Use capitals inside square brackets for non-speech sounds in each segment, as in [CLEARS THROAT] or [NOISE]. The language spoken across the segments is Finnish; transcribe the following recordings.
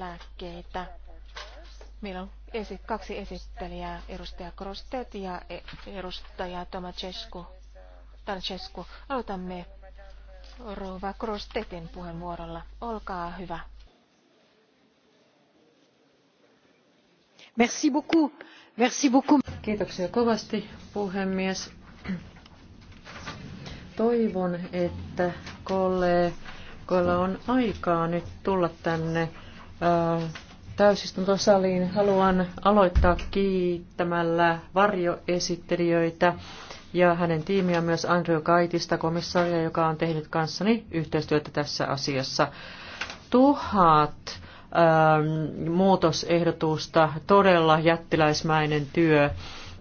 lääkkeitä. Meillä on esi- kaksi esittelijää, edustaja Krostet ja e-, edustaja Tomacescu. Tancescu. Aloitamme Rova Krostetin puheenvuorolla. Olkaa hyvä. Merci beaucoup. Merci beaucoup. Kiitoksia kovasti, puhemies. Toivon, että kollegoilla on aikaa nyt tulla tänne täysistuntosaliin. Haluan aloittaa kiittämällä varjoesittelijöitä ja hänen tiimiä myös Andrew Kaitista, komissaria, joka on tehnyt kanssani yhteistyötä tässä asiassa. Tuhat ähm, muutosehdotusta, todella jättiläismäinen työ.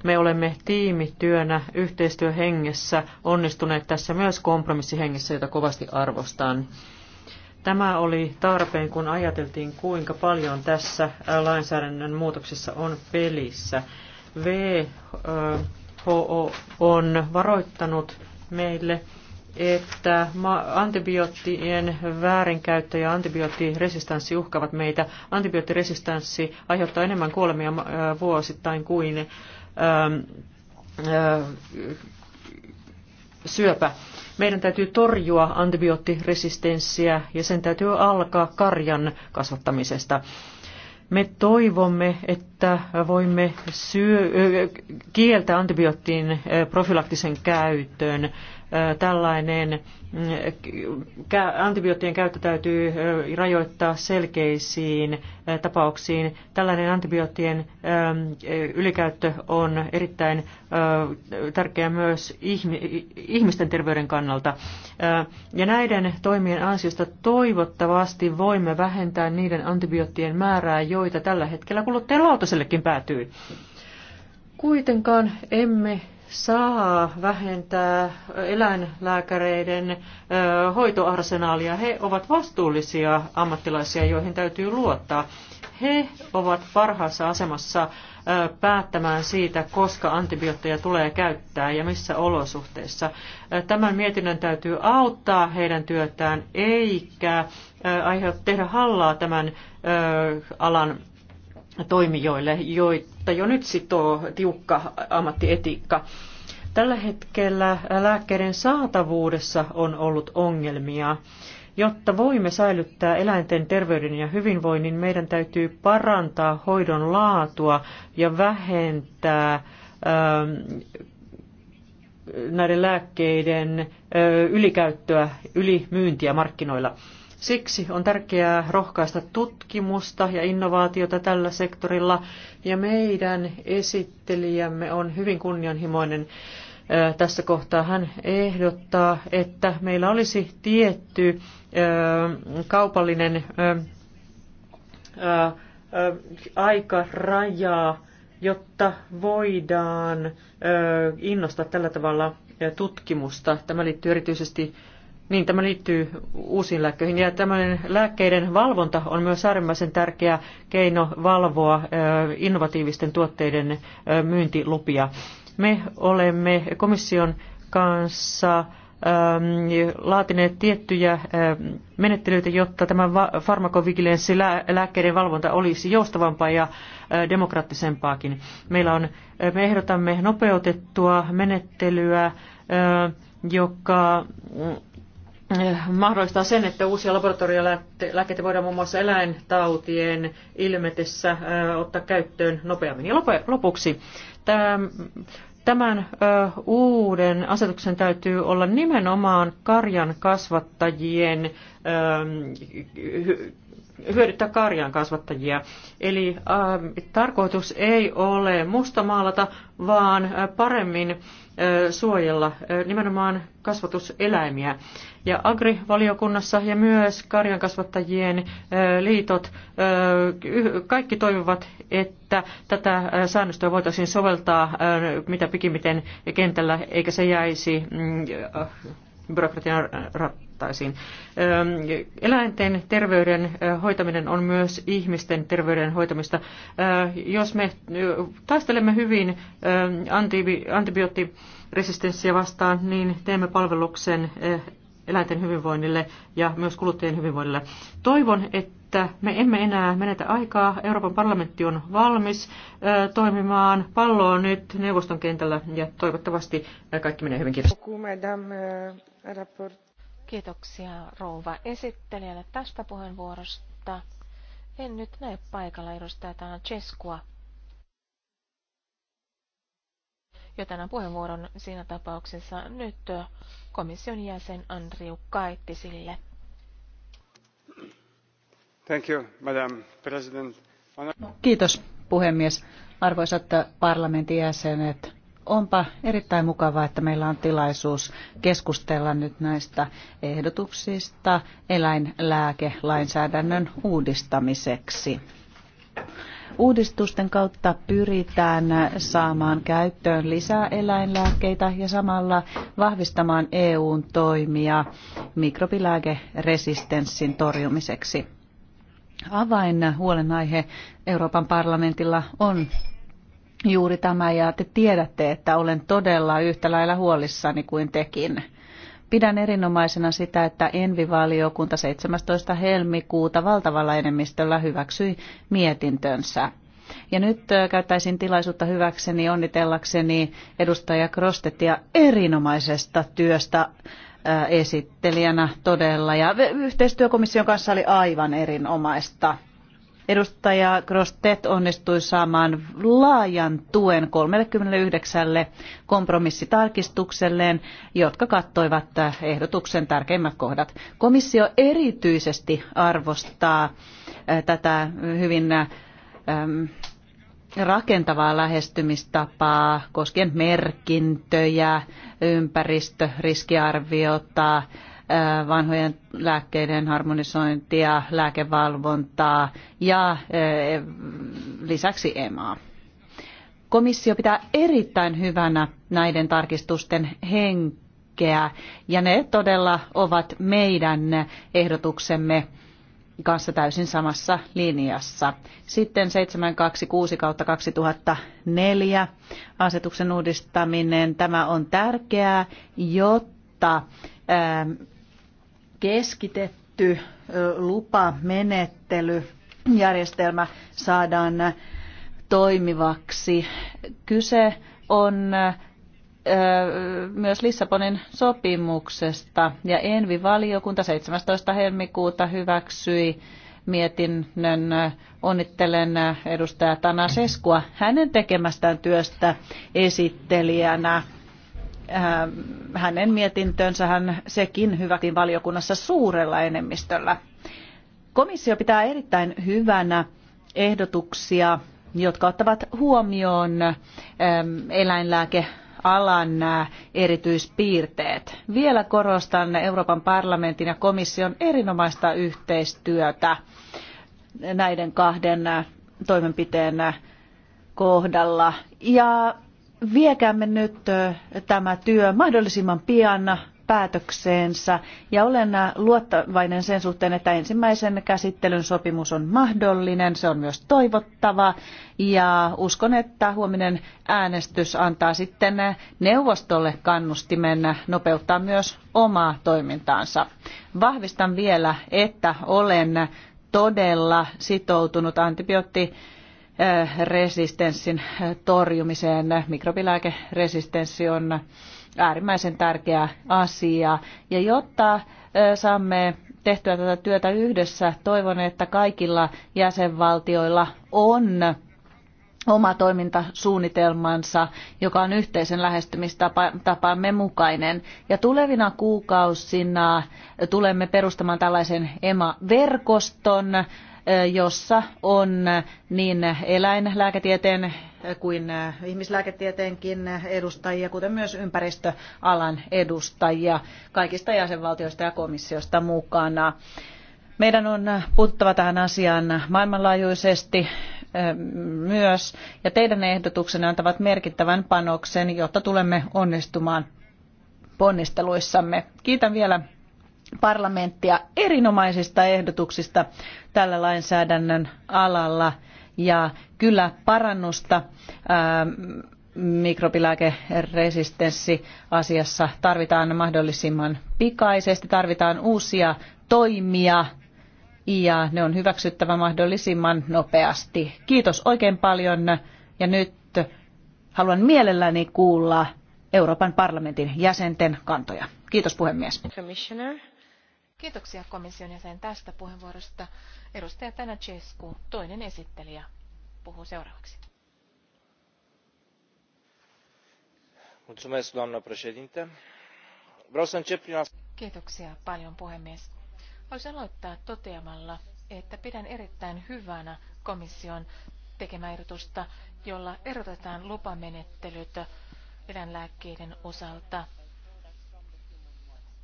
Me olemme tiimityönä yhteistyöhengessä onnistuneet tässä myös kompromissihengessä, jota kovasti arvostan. Tämä oli tarpeen, kun ajateltiin, kuinka paljon tässä lainsäädännön muutoksessa on pelissä. WHO on varoittanut meille, että antibioottien väärinkäyttö ja antibioottiresistanssi uhkavat meitä. Antibioottiresistanssi aiheuttaa enemmän kuolemia vuosittain kuin syöpä. Meidän täytyy torjua antibioottiresistenssiä ja sen täytyy alkaa karjan kasvattamisesta. Me toivomme, että voimme syö, kieltää antibioottiin profilaktisen käytön tällainen mm, antibioottien käyttö täytyy rajoittaa selkeisiin tapauksiin. Tällainen antibioottien ylikäyttö on erittäin tärkeää myös ihmisten terveyden kannalta. Ja näiden toimien ansiosta toivottavasti voimme vähentää niiden antibioottien määrää, joita tällä hetkellä kuluttajalautasellekin päätyy kuitenkaan emme saa vähentää eläinlääkäreiden hoitoarsenaalia. He ovat vastuullisia ammattilaisia, joihin täytyy luottaa. He ovat parhaassa asemassa päättämään siitä, koska antibiootteja tulee käyttää ja missä olosuhteissa. Tämän mietinnön täytyy auttaa heidän työtään, eikä aiheuttaa tehdä hallaa tämän alan toimijoille, joita jo nyt sitoo tiukka ammattietiikka. Tällä hetkellä lääkkeiden saatavuudessa on ollut ongelmia. Jotta voimme säilyttää eläinten terveyden ja hyvinvoinnin, meidän täytyy parantaa hoidon laatua ja vähentää ähm, näiden lääkkeiden äh, ylikäyttöä, ylimyyntiä markkinoilla. Siksi on tärkeää rohkaista tutkimusta ja innovaatiota tällä sektorilla, ja meidän esittelijämme on hyvin kunnianhimoinen tässä kohtaa. Hän ehdottaa, että meillä olisi tietty kaupallinen aikaraja, jotta voidaan innostaa tällä tavalla tutkimusta. Tämä liittyy erityisesti niin tämä liittyy uusiin lääkkeihin. Ja tämmöinen lääkkeiden valvonta on myös äärimmäisen tärkeä keino valvoa innovatiivisten tuotteiden myyntilupia. Me olemme komission kanssa laatineet tiettyjä menettelyitä, jotta tämä farmakovigilenssi lääkkeiden valvonta olisi joustavampaa ja demokraattisempaakin. Meillä on, me ehdotamme nopeutettua menettelyä, joka Eh, mahdollistaa sen, että uusia laboratoriolääkkeitä voidaan muun muassa eläintautien ilmetessä eh, ottaa käyttöön nopeammin. Ja lopuksi tämän eh, uuden asetuksen täytyy olla nimenomaan karjan kasvattajien hyödyttää karjan kasvattajia. Eli äh, tarkoitus ei ole mustamaalata, vaan äh, paremmin äh, suojella äh, nimenomaan kasvatuseläimiä. Ja agrivaliokunnassa ja myös karjankasvattajien äh, liitot, äh, kaikki toivovat, että tätä äh, säännöstöä voitaisiin soveltaa äh, mitä pikimiten kentällä, eikä se jäisi mm, äh, byrokratian tarvittaisiin. Eläinten terveyden hoitaminen on myös ihmisten terveyden hoitamista. Jos me taistelemme hyvin antibioottiresistenssiä vastaan, niin teemme palveluksen eläinten hyvinvoinnille ja myös kuluttajien hyvinvoinnille. Toivon, että me emme enää menetä aikaa. Euroopan parlamentti on valmis toimimaan palloa nyt neuvoston kentällä ja toivottavasti kaikki menee hyvin. Kiitos. Kiitoksia rouva esittelijälle tästä puheenvuorosta. En nyt näe paikalla edustaja Tana Cheskua. Joten annan puheenvuoron siinä tapauksessa nyt komission jäsen Andriu Kaittisille. Thank you, Madam President. Kiitos puhemies. Arvoisat parlamentin jäsenet, Onpa erittäin mukavaa, että meillä on tilaisuus keskustella nyt näistä ehdotuksista eläinlääkelainsäädännön uudistamiseksi. Uudistusten kautta pyritään saamaan käyttöön lisää eläinlääkkeitä ja samalla vahvistamaan EUn toimia mikrobilääkeresistenssin torjumiseksi. Avain huolenaihe Euroopan parlamentilla on juuri tämä ja te tiedätte, että olen todella yhtä lailla huolissani kuin tekin. Pidän erinomaisena sitä, että Envi-valiokunta 17. helmikuuta valtavalla enemmistöllä hyväksyi mietintönsä. Ja nyt käyttäisin tilaisuutta hyväkseni onnitellakseni edustaja Krostetia erinomaisesta työstä esittelijänä todella. Ja yhteistyökomission kanssa oli aivan erinomaista. Edustaja Grostet onnistui saamaan laajan tuen 39 kompromissitarkistukselleen, jotka kattoivat äh, ehdotuksen tärkeimmät kohdat. Komissio erityisesti arvostaa äh, tätä hyvin äh, rakentavaa lähestymistapaa koskien merkintöjä, ympäristöriskiarviota, vanhojen lääkkeiden harmonisointia, lääkevalvontaa ja e, lisäksi EMAa. Komissio pitää erittäin hyvänä näiden tarkistusten henkeä ja ne todella ovat meidän ehdotuksemme kanssa täysin samassa linjassa. Sitten 726 kautta 2004 asetuksen uudistaminen. Tämä on tärkeää, jotta keskitetty lupamenettelyjärjestelmä saadaan toimivaksi. Kyse on myös Lissabonin sopimuksesta ja Envi-valiokunta 17. helmikuuta hyväksyi mietinnön. Onnittelen edustaja Tana Seskua hänen tekemästään työstä esittelijänä. Äh, hänen mietintönsä sekin hyväkin valiokunnassa suurella enemmistöllä. Komissio pitää erittäin hyvänä ehdotuksia, jotka ottavat huomioon ähm, eläinlääke alan äh, erityispiirteet. Vielä korostan Euroopan parlamentin ja komission erinomaista yhteistyötä näiden kahden äh, toimenpiteen kohdalla. Ja viekäämme nyt tämä työ mahdollisimman pian päätökseensä ja olen luottavainen sen suhteen, että ensimmäisen käsittelyn sopimus on mahdollinen, se on myös toivottava ja uskon, että huominen äänestys antaa sitten neuvostolle kannustimen nopeuttaa myös omaa toimintaansa. Vahvistan vielä, että olen todella sitoutunut antibioottiresistenssin Eh, resistenssin eh, torjumiseen. Mikrobilääkeresistenssi on äärimmäisen tärkeä asia. Ja jotta eh, saamme tehtyä tätä työtä yhdessä, toivon, että kaikilla jäsenvaltioilla on oma toimintasuunnitelmansa, joka on yhteisen lähestymistapamme mukainen. Ja tulevina kuukausina tulemme perustamaan tällaisen EMA-verkoston, jossa on niin eläinlääketieteen kuin ihmislääketieteenkin edustajia, kuten myös ympäristöalan edustajia kaikista jäsenvaltioista ja komissiosta mukana. Meidän on puututtava tähän asiaan maailmanlaajuisesti myös, ja teidän ehdotuksenne antavat merkittävän panoksen, jotta tulemme onnistumaan ponnisteluissamme. Kiitän vielä parlamenttia erinomaisista ehdotuksista tällä lainsäädännön alalla ja kyllä parannusta ähm, mikrobilääkeresistenssiasiassa tarvitaan mahdollisimman pikaisesti, tarvitaan uusia toimia ja ne on hyväksyttävä mahdollisimman nopeasti. Kiitos oikein paljon ja nyt haluan mielelläni kuulla Euroopan parlamentin jäsenten kantoja. Kiitos puhemies. Commissioner. Kiitoksia komission jäsen tästä puheenvuorosta. Edustaja Tänä Cescu, toinen esittelijä, puhuu seuraavaksi. Mulțumesc, doamnă președinte. Vreau să încep prin Kiitoksia paljon, puhemies. Voisin aloittaa toteamalla, että pidän erittäin hyvänä komission tekemää ehdotusta, jolla erotetaan lupamenettelyt eläinlääkkeiden osalta –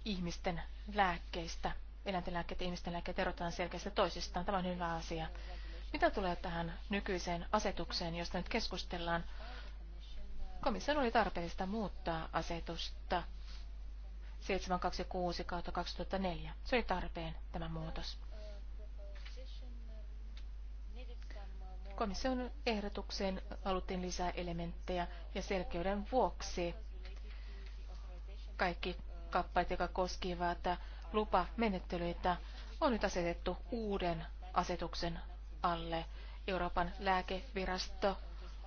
ihmisten lääkkeistä, eläinten lääkkeet ja ihmisten lääkkeet erotetaan selkeästi toisistaan. Tämä on hyvä asia. Mitä tulee tähän nykyiseen asetukseen, josta nyt keskustellaan? Komission oli tarpeellista muuttaa asetusta 726 2004. Se oli tarpeen tämä muutos. Komission ehdotukseen haluttiin lisää elementtejä ja selkeyden vuoksi kaikki kappaleet, joka koskivat lupamenettelyitä, on nyt asetettu uuden asetuksen alle. Euroopan lääkevirasto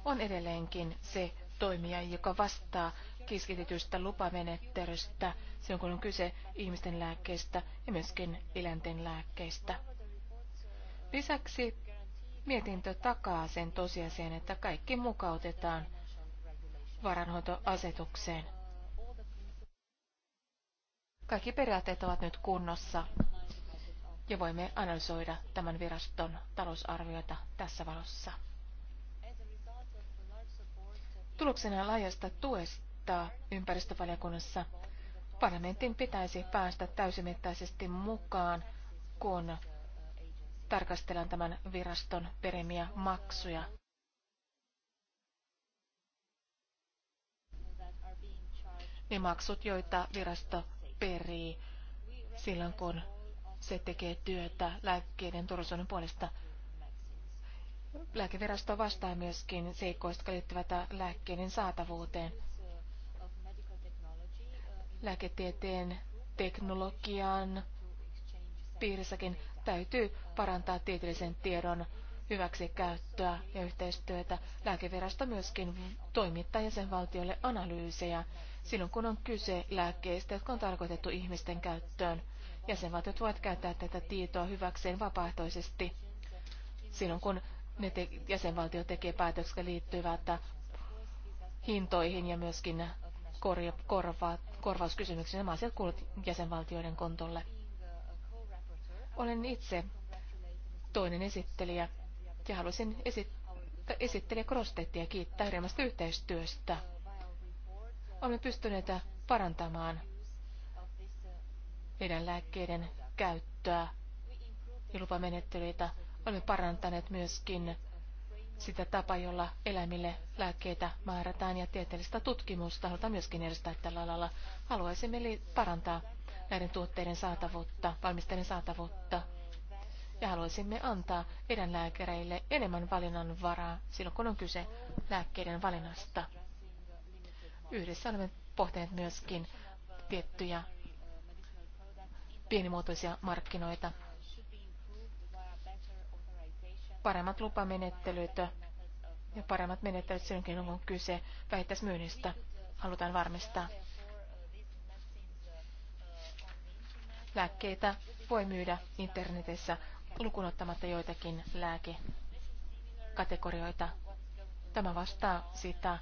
on edelleenkin se toimija, joka vastaa keskitetystä lupamenettelystä, silloin kun on kyse ihmisten lääkkeistä ja myöskin eläinten lääkkeistä. Lisäksi mietintö takaa sen tosiasian, että kaikki mukautetaan varanhoitoasetukseen. Kaikki periaatteet ovat nyt kunnossa ja voimme analysoida tämän viraston talousarviota tässä valossa. Tuloksena laajasta tuesta ympäristövaliokunnassa parlamentin pitäisi päästä täysimittaisesti mukaan, kun tarkastellaan tämän viraston perimiä maksuja. Ne maksut, joita virasto perii silloin, kun se tekee työtä lääkkeiden turvallisuuden puolesta. Lääkevirasto vastaa myöskin seikkoista, jotka liittyvät lääkkeiden saatavuuteen. Lääketieteen teknologian piirissäkin täytyy parantaa tieteellisen tiedon hyväksi käyttöä ja yhteistyötä. Lääkevirasto myöskin toimittaa jäsenvaltiolle analyysejä silloin kun on kyse lääkkeistä, jotka on tarkoitettu ihmisten käyttöön. Jäsenvaltiot voivat käyttää tätä tietoa hyväkseen vapaaehtoisesti silloin, kun ne te- jäsenvaltio tekee päätöksiä, liittyvät hintoihin ja myöskin korja- korva- korvauskysymyksiin. Nämä asiat kuuluvat jäsenvaltioiden kontolle. Olen itse toinen esittelijä ja haluaisin esittää esittelijä Krostettia kiittää erilaisesta yhteistyöstä olemme pystyneet parantamaan meidän lääkkeiden käyttöä ja lupamenettelyitä. Olemme parantaneet myöskin sitä tapaa, jolla eläimille lääkkeitä määrätään ja tieteellistä tutkimusta halutaan myöskin edistää tällä alalla. Haluaisimme parantaa näiden tuotteiden saatavuutta, valmisteiden saatavuutta ja haluaisimme antaa eläinlääkäreille enemmän valinnanvaraa silloin, kun on kyse lääkkeiden valinnasta. Yhdessä olemme pohtineet myöskin tiettyjä pienimuotoisia markkinoita, paremmat lupamenettelyt ja paremmat menettelyt silloinkin, on kyse vähittäismyynnistä. Halutaan varmistaa. Lääkkeitä voi myydä internetissä lukunottamatta joitakin lääkekategorioita. Tämä vastaa sitä,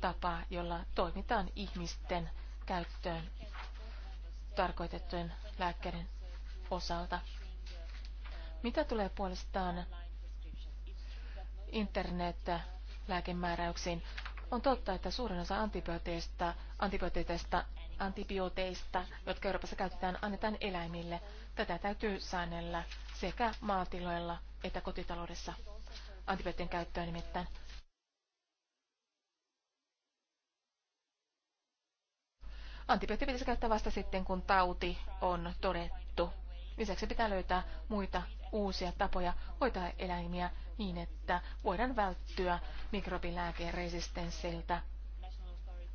tapa, jolla toimitaan ihmisten käyttöön tarkoitettujen lääkkeiden osalta. Mitä tulee puolestaan internet-lääkemääräyksiin? On totta, että suurin osa antibiooteista, antibiooteista, antibiooteista, jotka Euroopassa käytetään, annetaan eläimille. Tätä täytyy säännellä sekä maatiloilla että kotitaloudessa antibioottien käyttöä nimittäin. Antibiootti pitäisi käyttää vasta sitten, kun tauti on todettu. Lisäksi pitää löytää muita uusia tapoja hoitaa eläimiä niin, että voidaan välttyä mikrobilääkeresistenssiltä.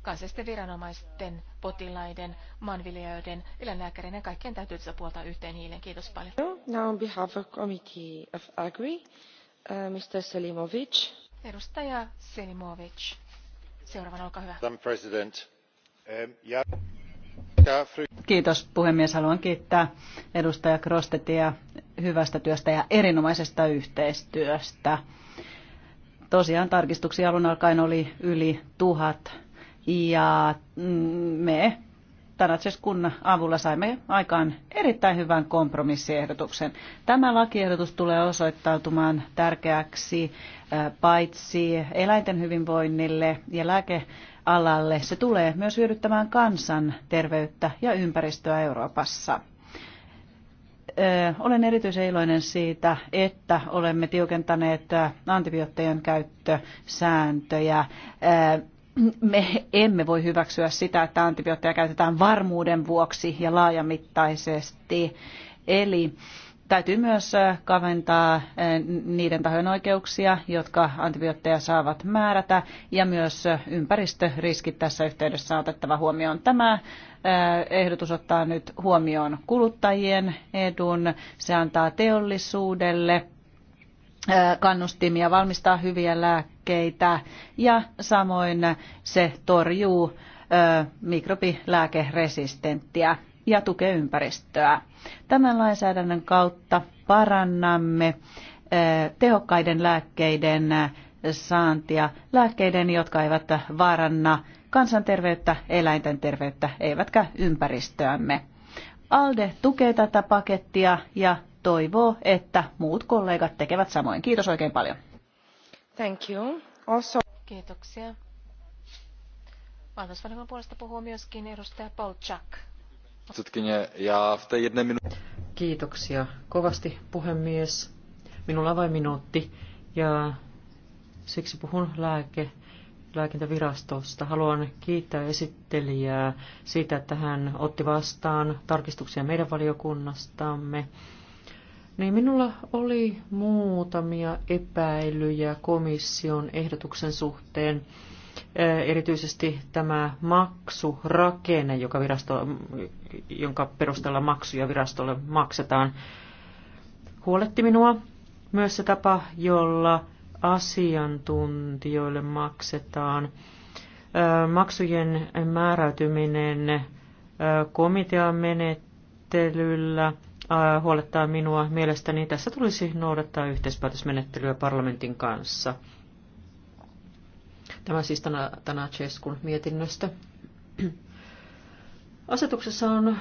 Kansallisten viranomaisten, potilaiden, maanviljelijöiden, eläinlääkäreiden ja kaikkien täytyy tässä puolta yhteen hiilen. Kiitos paljon. Now on behalf of Committee of Agri, uh, Mr. Selimovic. Edustaja Selimovic. Seuraavana, olkaa hyvä. President, Kiitos puhemies. Haluan kiittää edustaja Krostetia hyvästä työstä ja erinomaisesta yhteistyöstä. Tosiaan tarkistuksia alun alkaen oli yli tuhat ja mm, me kunnan avulla saimme aikaan erittäin hyvän kompromissiehdotuksen. Tämä lakiehdotus tulee osoittautumaan tärkeäksi paitsi eläinten hyvinvoinnille ja lääkealalle. Se tulee myös hyödyttämään kansan terveyttä ja ympäristöä Euroopassa. Olen erityisen iloinen siitä, että olemme tiukentaneet antibioottien käyttösääntöjä me emme voi hyväksyä sitä, että antibiootteja käytetään varmuuden vuoksi ja laajamittaisesti. Eli täytyy myös äh, kaventaa äh, niiden tahojen oikeuksia, jotka antibiootteja saavat määrätä, ja myös äh, ympäristöriskit tässä yhteydessä on otettava huomioon. Tämä ehdotus ottaa nyt huomioon kuluttajien edun, se antaa teollisuudelle kannustimia valmistaa hyviä lääkkeitä ja samoin se torjuu mikrobilääkeresistenttiä ja tukee ympäristöä. Tämän lainsäädännön kautta parannamme tehokkaiden lääkkeiden saantia, lääkkeiden, jotka eivät vaaranna kansanterveyttä, eläinten terveyttä, eivätkä ympäristöämme. ALDE tukee tätä pakettia ja toivoo, että muut kollegat tekevät samoin. Kiitos oikein paljon. Thank you. Also... Kiitoksia. Valtuusvaliokunnan puolesta puhuu myöskin edustaja Chuck. Kiitoksia kovasti puhemies. Minulla on vain minuutti ja siksi puhun lääke, lääkintävirastosta. Haluan kiittää esittelijää siitä, että hän otti vastaan tarkistuksia meidän valiokunnastamme niin minulla oli muutamia epäilyjä komission ehdotuksen suhteen. Erityisesti tämä maksurakenne, joka virasto, jonka perusteella maksuja virastolle maksetaan, huoletti minua. Myös se tapa, jolla asiantuntijoille maksetaan. Maksujen määräytyminen komitean menettelyllä huolettaa minua. Mielestäni tässä tulisi noudattaa yhteispäätösmenettelyä parlamentin kanssa. Tämä siis Tana, Tana Cheskun mietinnöstä. Asetuksessa on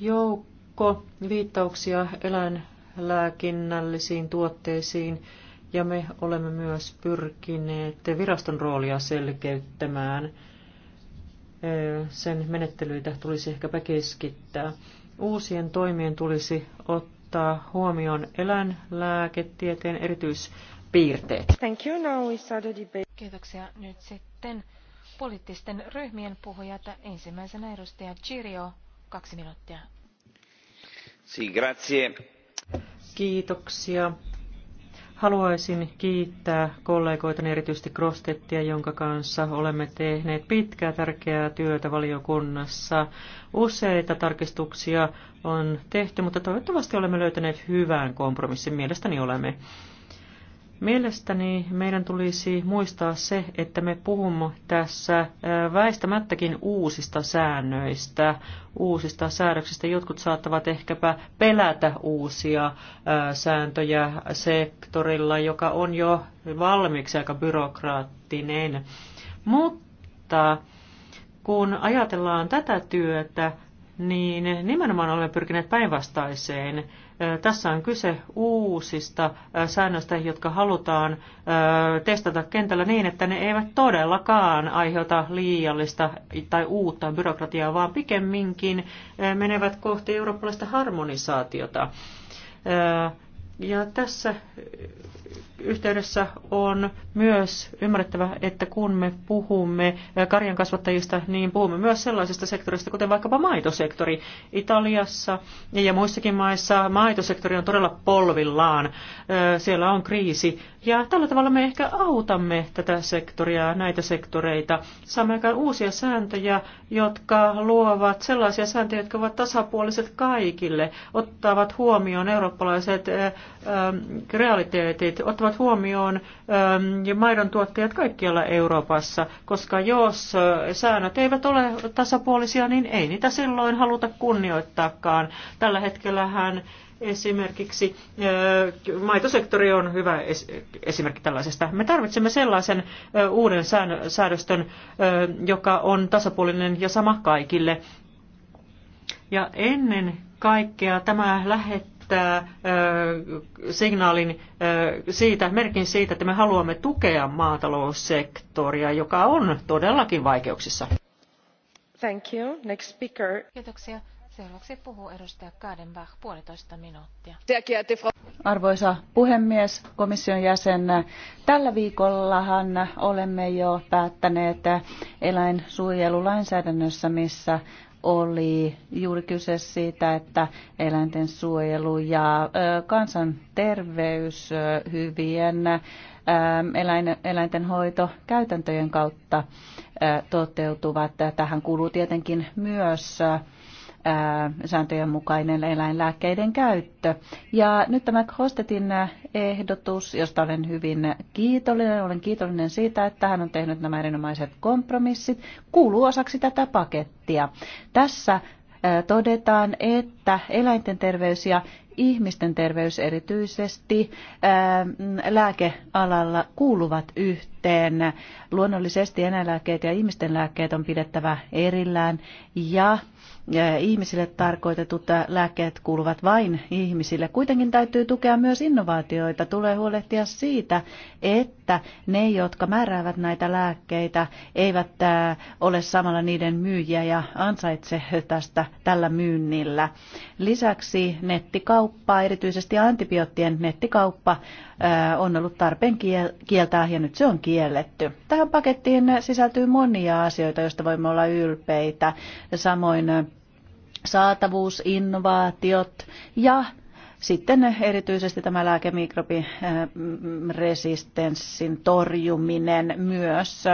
joukko viittauksia eläinlääkinnällisiin tuotteisiin, ja me olemme myös pyrkineet viraston roolia selkeyttämään. Sen menettelyitä tulisi ehkäpä keskittää. Uusien toimien tulisi ottaa huomioon eläinlääketieteen erityispiirteet. Thank you. Now we start the debate. Kiitoksia. Nyt sitten poliittisten ryhmien puhujat. Ensimmäisenä edustaja Girio, kaksi minuuttia. Si, grazie. Kiitoksia Haluaisin kiittää kollegoitani erityisesti Krostettia, jonka kanssa olemme tehneet pitkää tärkeää työtä valiokunnassa. Useita tarkistuksia on tehty, mutta toivottavasti olemme löytäneet hyvän kompromissin. Mielestäni olemme. Mielestäni meidän tulisi muistaa se, että me puhumme tässä äh, väistämättäkin uusista säännöistä, uusista säädöksistä. Jotkut saattavat ehkäpä pelätä uusia äh, sääntöjä sektorilla, joka on jo valmiiksi aika byrokraattinen. Mutta kun ajatellaan tätä työtä, niin nimenomaan olemme pyrkineet päinvastaiseen tässä on kyse uusista säännöistä, jotka halutaan testata kentällä niin, että ne eivät todellakaan aiheuta liiallista tai uutta byrokratiaa, vaan pikemminkin menevät kohti eurooppalaista harmonisaatiota. Ja tässä yhteydessä on myös ymmärrettävä, että kun me puhumme karjan kasvattajista, niin puhumme myös sellaisesta sektorista, kuten vaikkapa maitosektori. Italiassa ja muissakin maissa maitosektori on todella polvillaan. Siellä on kriisi. Ja tällä tavalla me ehkä autamme tätä sektoria, näitä sektoreita. Saamme aikaan uusia sääntöjä, jotka luovat sellaisia sääntöjä, jotka ovat tasapuoliset kaikille, ottavat huomioon eurooppalaiset realiteetit, ottavat ottavat huomioon ähm, maidon tuottajat kaikkialla Euroopassa, koska jos äh, säännöt eivät ole tasapuolisia, niin ei niitä silloin haluta kunnioittaakaan. Tällä hetkellähän esimerkiksi äh, maitosektori on hyvä esimerkki tällaisesta. Me tarvitsemme sellaisen äh, uuden säädöstön, joka on tasapuolinen ja sama kaikille. Ja ennen kaikkea tämä lähettää lähettää signaalin siitä, merkin siitä, että me haluamme tukea maataloussektoria, joka on todellakin vaikeuksissa. Thank you. Next speaker. Kiitoksia. Seuraavaksi puhuu edustaja Kadenbach puolitoista minuuttia. Arvoisa puhemies, komission jäsen, tällä viikollahan olemme jo päättäneet eläinsuojelulainsäädännössä, missä oli juuri kyse siitä, että eläinten suojelu ja kansanterveys hyvien eläinten hoitokäytäntöjen käytäntöjen kautta toteutuvat. Tähän kuuluu tietenkin myös sääntöjen mukainen eläinlääkkeiden käyttö. Ja nyt tämä Kostetin ehdotus, josta olen hyvin kiitollinen, olen kiitollinen siitä, että hän on tehnyt nämä erinomaiset kompromissit, kuuluu osaksi tätä pakettia. Tässä todetaan, että eläinten terveys ja ihmisten terveys erityisesti lääkealalla kuuluvat yhteen. Luonnollisesti eläinlääkkeet ja ihmisten lääkkeet on pidettävä erillään ja ihmisille tarkoitetut lääkkeet kuuluvat vain ihmisille. Kuitenkin täytyy tukea myös innovaatioita. Tulee huolehtia siitä, että ne, jotka määräävät näitä lääkkeitä, eivät ole samalla niiden myyjiä ja ansaitse tästä tällä myynnillä. Lisäksi nettikauppa kauppa, erityisesti antibioottien nettikauppa, äh, on ollut tarpeen kieltää ja nyt se on kielletty. Tähän pakettiin sisältyy monia asioita, joista voimme olla ylpeitä. Samoin äh, saatavuus, innovaatiot ja sitten erityisesti tämä lääkemikrobiresistenssin torjuminen myös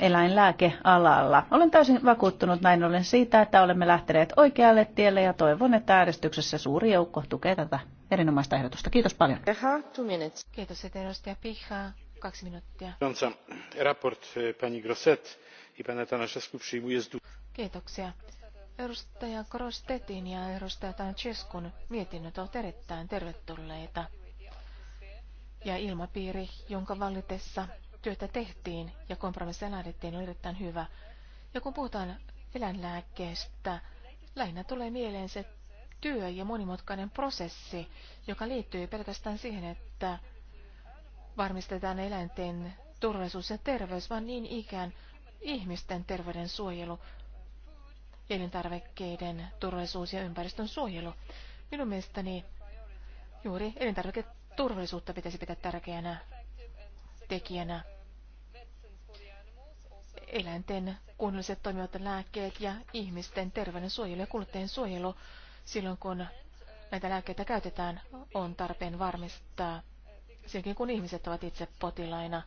eläinlääkealalla. Olen täysin vakuuttunut näin ollen siitä, että olemme lähteneet oikealle tielle ja toivon, että äänestyksessä suuri joukko tukee tätä erinomaista ehdotusta. Kiitos paljon. Kiitos, että edustaja Piha. Kaksi minuuttia. Raport e, pani Grosset Kiitoksia. Edustaja Grostetin ja edustaja Tancheskun mietinnöt ovat erittäin tervetulleita. Ja ilmapiiri, jonka vallitessa työtä tehtiin ja kompromisseja lähdettiin, oli erittäin hyvä. Ja kun puhutaan eläinlääkkeestä, lähinnä tulee mieleen se työ ja monimutkainen prosessi, joka liittyy pelkästään siihen, että varmistetaan eläinten turvallisuus ja terveys, vaan niin ikään ihmisten terveyden suojelu, elintarvikkeiden turvallisuus ja ympäristön suojelu. Minun mielestäni juuri elintarviketurvallisuutta pitäisi pitää tärkeänä tekijänä eläinten kunnolliset toimivat lääkkeet ja ihmisten terveyden suojelu ja kuluttajien suojelu silloin, kun näitä lääkkeitä käytetään, on tarpeen varmistaa silloin, kun ihmiset ovat itse potilaina.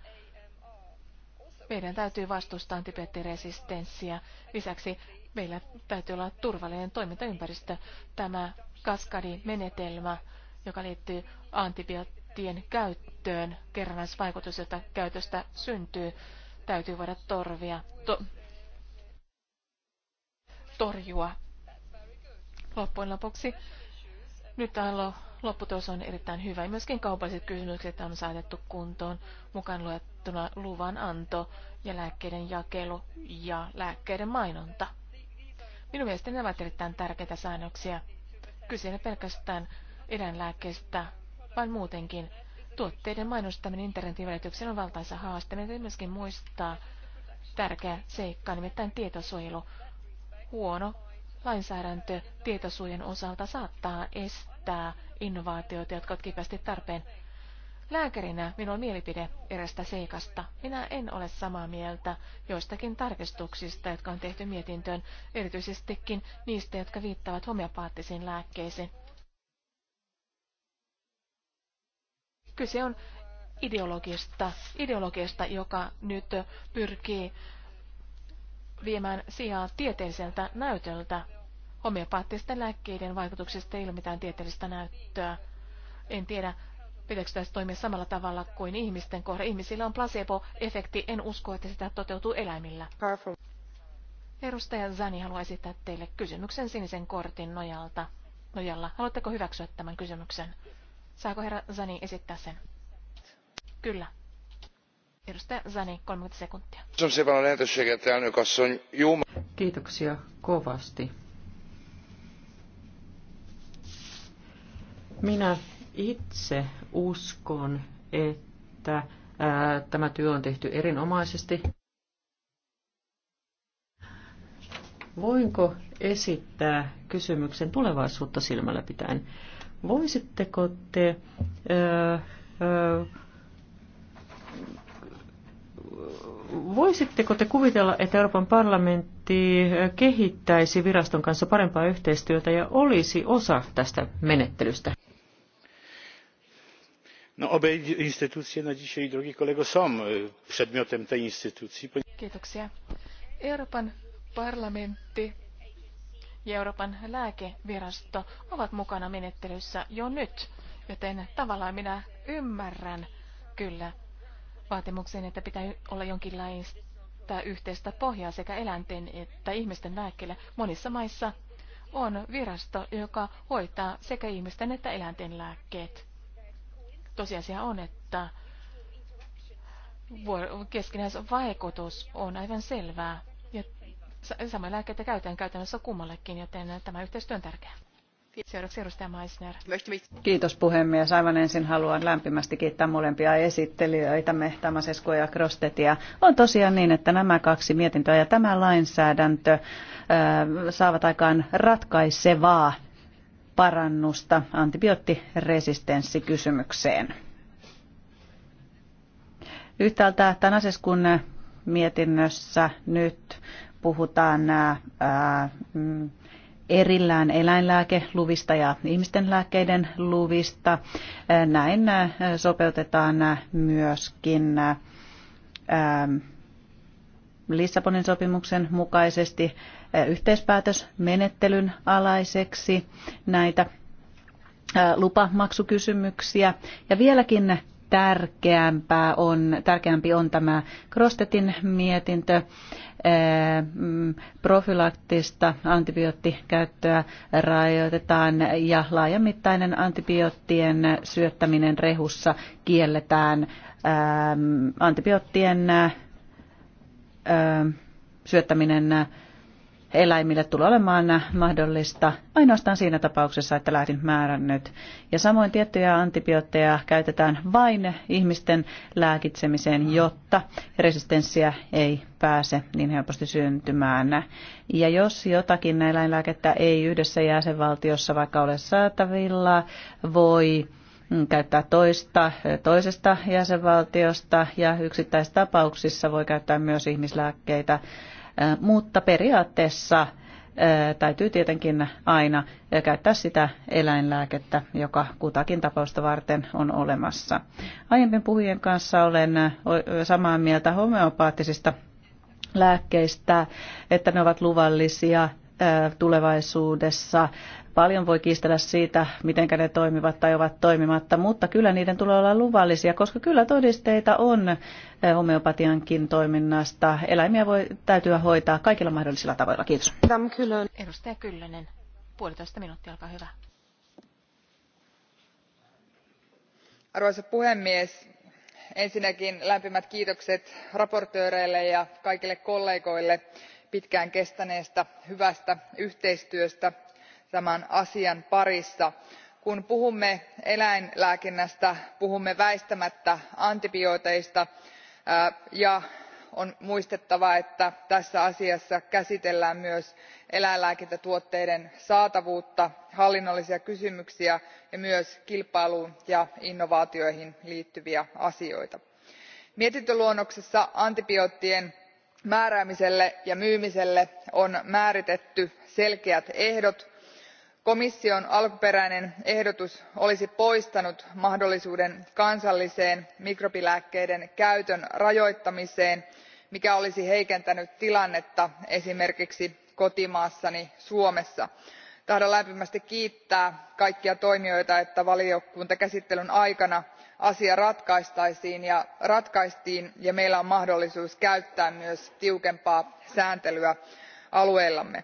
Meidän täytyy vastustaa antibioottiresistenssiä. Lisäksi meillä täytyy olla turvallinen toimintaympäristö. Tämä kaskadimenetelmä, joka liittyy antibioottien käyttöön, kerrannaisvaikutus, jota käytöstä syntyy, täytyy voida torvia, to, torjua. Loppujen lopuksi nyt lopputulos on erittäin hyvä ja myöskin kaupalliset kysymykset on saatettu kuntoon mukaan luettuna luvan anto ja lääkkeiden jakelu ja lääkkeiden mainonta. Minun mielestäni nämä ovat erittäin tärkeitä säännöksiä. Kyse ei pelkästään eläinlääkkeistä, vaan muutenkin Tuotteiden mainostaminen internetin välityksellä on valtaisa haaste. Meidän täytyy myöskin muistaa tärkeä seikka, nimittäin tietosuojelu. Huono lainsäädäntö tietosuojan osalta saattaa estää innovaatioita, jotka ovat kipeästi tarpeen. Lääkärinä minulla on mielipide erästä seikasta. Minä en ole samaa mieltä joistakin tarkistuksista, jotka on tehty mietintöön, erityisestikin niistä, jotka viittaavat homeopaattisiin lääkkeisiin. Kyse on ideologista, ideologista joka nyt pyrkii viemään sijaa tieteelliseltä näytöltä. Homeopaattisten lääkkeiden vaikutuksesta ei ole mitään tieteellistä näyttöä. En tiedä, pitäisikö tässä toimia samalla tavalla kuin ihmisten kohda. Ihmisillä on placebo-efekti, en usko, että sitä toteutuu eläimillä. Edustaja Zani haluaa esittää teille kysymyksen sinisen kortin nojalta. nojalla. Haluatteko hyväksyä tämän kysymyksen? Saako herra Zani esittää sen? Kyllä. Edustaja Zani, 30 sekuntia. Kiitoksia kovasti. Minä itse uskon, että ää, tämä työ on tehty erinomaisesti. Voinko esittää kysymyksen tulevaisuutta silmällä pitäen? Voisitteko te voisitteko te kuvitella, että Euroopan parlamentti kehittäisi viraston kanssa parempaa yhteistyötä ja olisi osa tästä menettelystä? No, obe instytucje na no dzisiaj, drogi kolego, są przedmiotem tej instytucji. Kiitoksia. Euroopan parlamentti ja Euroopan lääkevirasto ovat mukana menettelyssä jo nyt, joten tavallaan minä ymmärrän kyllä vaatimuksen, että pitää olla jonkinlaista yhteistä pohjaa sekä eläinten että ihmisten lääkkeelle. Monissa maissa on virasto, joka hoitaa sekä ihmisten että eläinten lääkkeet. Tosiasia on, että keskinäisvaikutus on aivan selvää samoja lääkkeitä käytetään käytännössä kummallekin, joten tämä yhteistyö on tärkeä. Kiitos puhemies. Aivan ensin haluan lämpimästi kiittää molempia esittelijöitämme, Tamasesko ja Krostetia. On tosiaan niin, että nämä kaksi mietintöä ja tämä lainsäädäntö äh, saavat aikaan ratkaisevaa parannusta antibioottiresistenssikysymykseen. Yhtäältä kun mietinnössä nyt puhutaan erillään eläinlääkeluvista ja ihmisten lääkkeiden luvista. Näin sopeutetaan myöskin Lissabonin sopimuksen mukaisesti yhteispäätösmenettelyn alaiseksi näitä lupamaksukysymyksiä. Ja vieläkin tärkeämpää on, tärkeämpi on tämä Krostetin mietintö eh, mm, profilaktista antibioottikäyttöä rajoitetaan ja laajamittainen antibioottien syöttäminen rehussa kielletään eh, mm, antibioottien eh, mm, syöttäminen eläimille tulee olemaan mahdollista ainoastaan siinä tapauksessa, että lääkin määrännyt. Ja samoin tiettyjä antibiootteja käytetään vain ihmisten lääkitsemiseen, jotta resistenssiä ei pääse niin helposti syntymään. Ja jos jotakin eläinlääkettä ei yhdessä jäsenvaltiossa vaikka ole saatavilla, voi käyttää toista toisesta jäsenvaltiosta ja yksittäistapauksissa voi käyttää myös ihmislääkkeitä mutta periaatteessa täytyy tietenkin aina käyttää sitä eläinlääkettä, joka kutakin tapausta varten on olemassa. Aiempien puhujien kanssa olen samaa mieltä homeopaattisista lääkkeistä, että ne ovat luvallisia – tulevaisuudessa. Paljon voi kiistellä siitä, miten ne toimivat tai ovat toimimatta, mutta kyllä niiden tulee olla luvallisia, koska kyllä todisteita on homeopatiankin toiminnasta. Eläimiä voi täytyy hoitaa kaikilla mahdollisilla tavoilla. Kiitos. Edustaja Kyllönen, puolitoista minuuttia, olkaa hyvä. Arvoisa puhemies, ensinnäkin lämpimät kiitokset raportööreille ja kaikille kollegoille pitkään kestäneestä hyvästä yhteistyöstä tämän asian parissa. kun puhumme eläinlääkinnästä puhumme väistämättä antibiooteista äh, ja on muistettava että tässä asiassa käsitellään myös eläinlääkintätuotteiden saatavuutta hallinnollisia kysymyksiä ja myös kilpailuun ja innovaatioihin liittyviä asioita. mietintöluonnoksessa antibioottien määräämiselle ja myymiselle on määritetty selkeät ehdot. komission alkuperäinen ehdotus olisi poistanut mahdollisuuden kansalliseen mikrobilääkkeiden käytön rajoittamiseen mikä olisi heikentänyt tilannetta esimerkiksi kotimaassani suomessa tahdon lämpimästi kiittää kaikkia toimijoita että valiokuntakäsittelyn aikana asia ratkaistiin ja meillä on mahdollisuus käyttää myös tiukempaa sääntelyä alueellamme.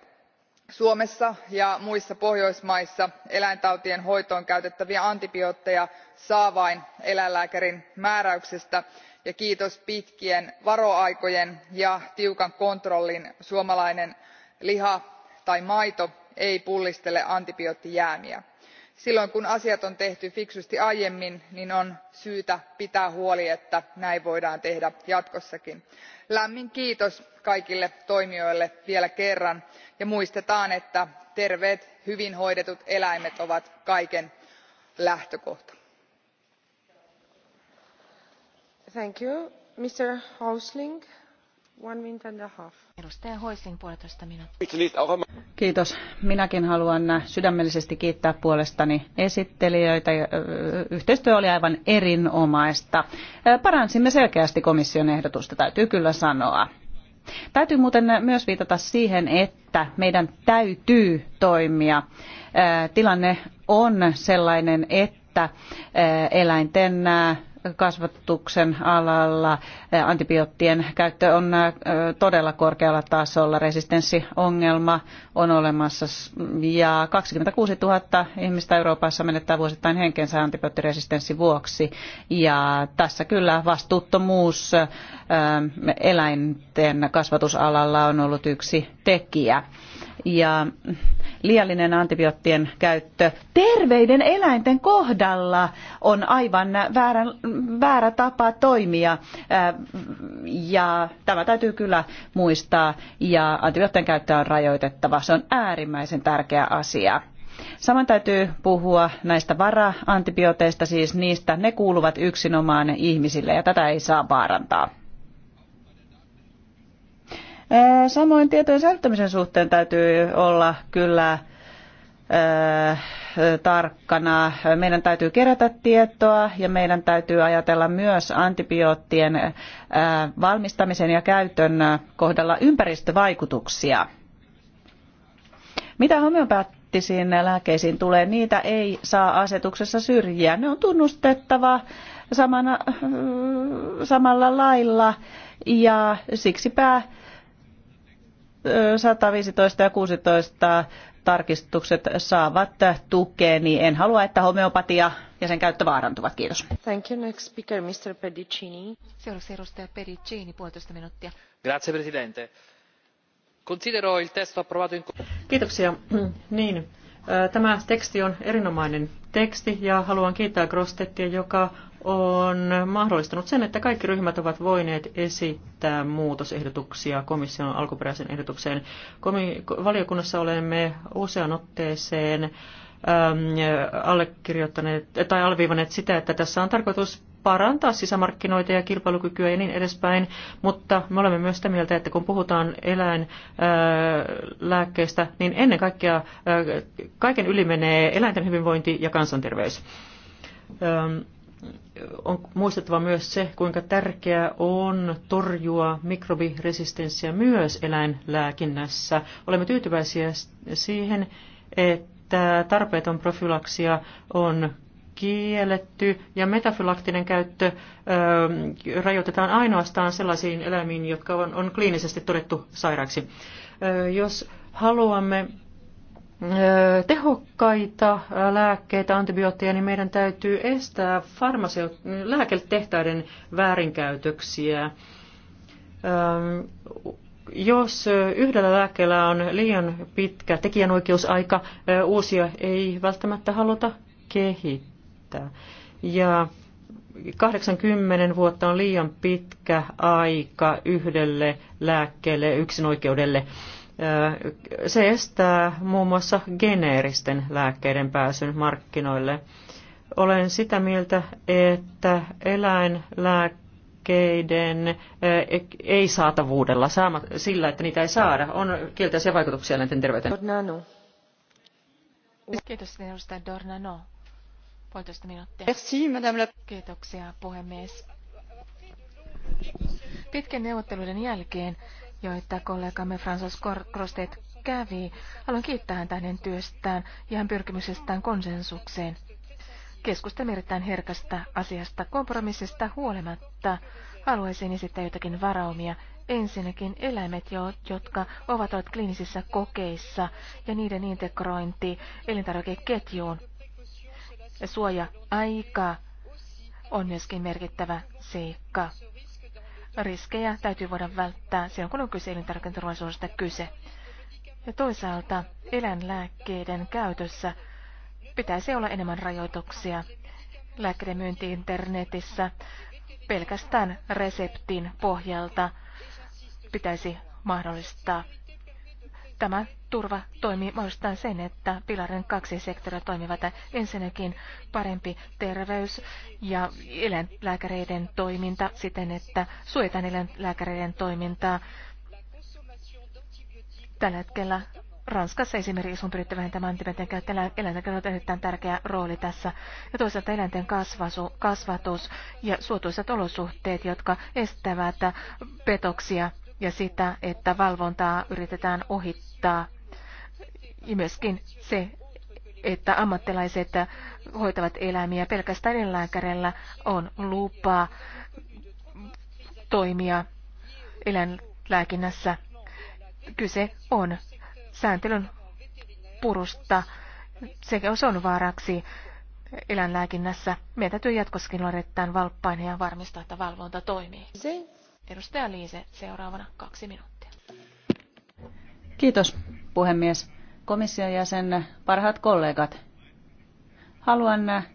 suomessa ja muissa pohjoismaissa eläintautien hoitoon käytettäviä antibiootteja saa vain eläinlääkärin määräyksestä ja kiitos pitkien varoaikojen ja tiukan kontrollin suomalainen liha tai maito ei pullistele antibioottijäämiä. silloin kun asiat on tehty fiksusti aiemmin niin on syytä pitää huoli että näin voidaan tehdä jatkossakin. lämmin kiitos kaikille toimijoille vielä kerran ja muistetaan että terveet hyvin hoidetut eläimet ovat kaiken lähtökohta. arvoisa Hoisin Kiitos. Minäkin haluan sydämellisesti kiittää puolestani esittelijöitä. Yhteistyö oli aivan erinomaista. Paransimme selkeästi komission ehdotusta, täytyy kyllä sanoa. Täytyy muuten myös viitata siihen, että meidän täytyy toimia. Tilanne on sellainen, että eläinten kasvatuksen alalla antibioottien käyttö on todella korkealla tasolla. Resistenssiongelma on olemassa ja 26 000 ihmistä Euroopassa menettää vuosittain henkensä antibioottiresistenssin vuoksi. Ja tässä kyllä vastuuttomuus eläinten kasvatusalalla on ollut yksi tekijä ja liiallinen antibioottien käyttö terveiden eläinten kohdalla on aivan väärä, väärä tapa toimia. Äh, ja tämä täytyy kyllä muistaa ja antibioottien käyttöä on rajoitettava. Se on äärimmäisen tärkeä asia. Saman täytyy puhua näistä vara-antibiooteista, siis niistä ne kuuluvat yksinomaan ihmisille ja tätä ei saa vaarantaa. Samoin tietojen säilyttämisen suhteen täytyy olla kyllä tarkkana. Meidän täytyy kerätä tietoa ja meidän täytyy ajatella myös antibioottien valmistamisen ja käytön kohdalla ympäristövaikutuksia. Mitä homeopaattisiin lääkkeisiin tulee, niitä ei saa asetuksessa syrjiä. Ne on tunnustettava samana, samalla lailla ja siksipä 115 ja 16 tarkistukset saavat tukea, niin en halua, että homeopatia ja sen käyttö vaarantuvat. Kiitos. Thank you. Next speaker, Mr. Pedicini. Seuraavaksi edustaja Pedicini, puolitoista minuuttia. Grazie, Presidente. Considero il testo approvato in... Kiitoksia. [CLEARS THROAT] niin, Tämä teksti on erinomainen teksti ja haluan kiittää Grostettia, joka on mahdollistanut sen, että kaikki ryhmät ovat voineet esittää muutosehdotuksia komission alkuperäisen ehdotukseen. valiokunnassa olemme usean otteeseen allekirjoittaneet tai alviivaneet sitä, että tässä on tarkoitus parantaa sisämarkkinoita ja kilpailukykyä ja niin edespäin, mutta me olemme myös sitä mieltä, että kun puhutaan eläinlääkkeistä, äh, niin ennen kaikkea äh, kaiken yli menee eläinten hyvinvointi ja kansanterveys on muistettava myös se, kuinka tärkeää on torjua mikrobiresistenssiä myös eläinlääkinnässä. Olemme tyytyväisiä siihen, että tarpeeton profylaksia on kielletty ja metafylaktinen käyttö ö, rajoitetaan ainoastaan sellaisiin eläimiin, jotka on, on kliinisesti todettu sairaaksi. Ö, jos haluamme tehokkaita lääkkeitä, antibiootteja, niin meidän täytyy estää farmaseut- lääketehtaiden väärinkäytöksiä. Jos yhdellä lääkkeellä on liian pitkä tekijänoikeusaika, uusia ei välttämättä haluta kehittää. Ja 80 vuotta on liian pitkä aika yhdelle lääkkeelle, yksinoikeudelle. oikeudelle se estää muun muassa geneeristen lääkkeiden pääsyn markkinoille. Olen sitä mieltä, että eläinlääkkeiden ei-saatavuudella, sillä että niitä ei saada, on kielteisiä vaikutuksia eläinten terveyteen. Dornano. Kiitos, edustaja Dornano. Puolitoista minuuttia. Merci, madame la... Kiitoksia, puhemies. Pitkän neuvotteluiden jälkeen joita kollegamme Francis Grostet kävi. Haluan kiittää häntä hänen työstään ja hän pyrkimyksestään konsensukseen. Keskustelemme erittäin herkästä asiasta kompromissista huolimatta. Haluaisin esittää jotakin varaumia. Ensinnäkin eläimet, jotka ovat olleet kliinisissä kokeissa ja niiden integrointi elintarvikeketjuun. Suoja-aika on myöskin merkittävä seikka riskejä täytyy voida välttää silloin, kun on kyse elintarviketurvallisuudesta kyse. Ja toisaalta eläinlääkkeiden käytössä pitäisi olla enemmän rajoituksia. Lääkkeiden myynti internetissä pelkästään reseptin pohjalta pitäisi mahdollistaa. Tämä turva toimii mahdollistaen sen, että pilarin kaksi sektoria toimivat ensinnäkin parempi terveys ja eläinlääkäreiden toiminta siten, että suojataan eläinlääkäreiden toimintaa. Tällä hetkellä Ranskassa esimerkiksi on pyritty vähentämään antibiootin käyttöä. Eläinten on erittäin tärkeä rooli tässä. Ja toisaalta eläinten kasvasu, kasvatus ja suotuisat olosuhteet, jotka estävät petoksia ja sitä, että valvontaa yritetään ohittaa. Ja myöskin se, että ammattilaiset hoitavat eläimiä pelkästään eläinlääkärellä on lupa toimia eläinlääkinnässä. Kyse on sääntelyn purusta sekä se on vaaraksi eläinlääkinnässä. Meidän täytyy jatkossakin olla erittäin valppaina ja varmistaa, että valvonta toimii. Edustaja Liise, seuraavana kaksi minuuttia. Kiitos, puhemies. Komission jäsen, parhaat kollegat. Haluan äh,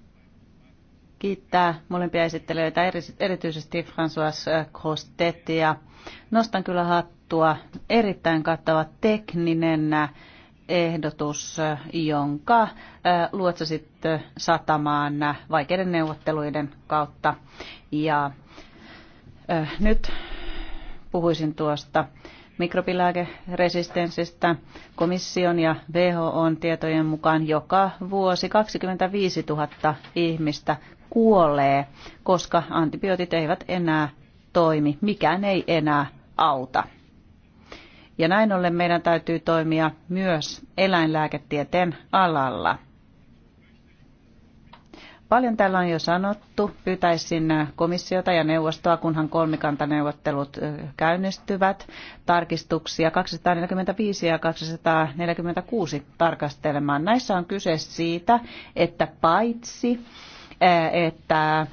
kiittää molempia esittelijöitä, erityisesti François äh, Costettia. Nostan kyllä hattua. Erittäin kattava tekninen äh, ehdotus, jonka luotsasit satamaan vaikeiden neuvotteluiden kautta. Ja Äh, nyt puhuisin tuosta mikrobilääkeresistenssistä komission ja WHOn tietojen mukaan joka vuosi 25 000 ihmistä kuolee, koska antibiootit eivät enää toimi. Mikään ei enää auta. Ja näin ollen meidän täytyy toimia myös eläinlääketieteen alalla – Paljon täällä on jo sanottu. Pyytäisin komissiota ja neuvostoa, kunhan kolmikantaneuvottelut käynnistyvät, tarkistuksia 245 ja 246 tarkastelemaan. Näissä on kyse siitä, että paitsi että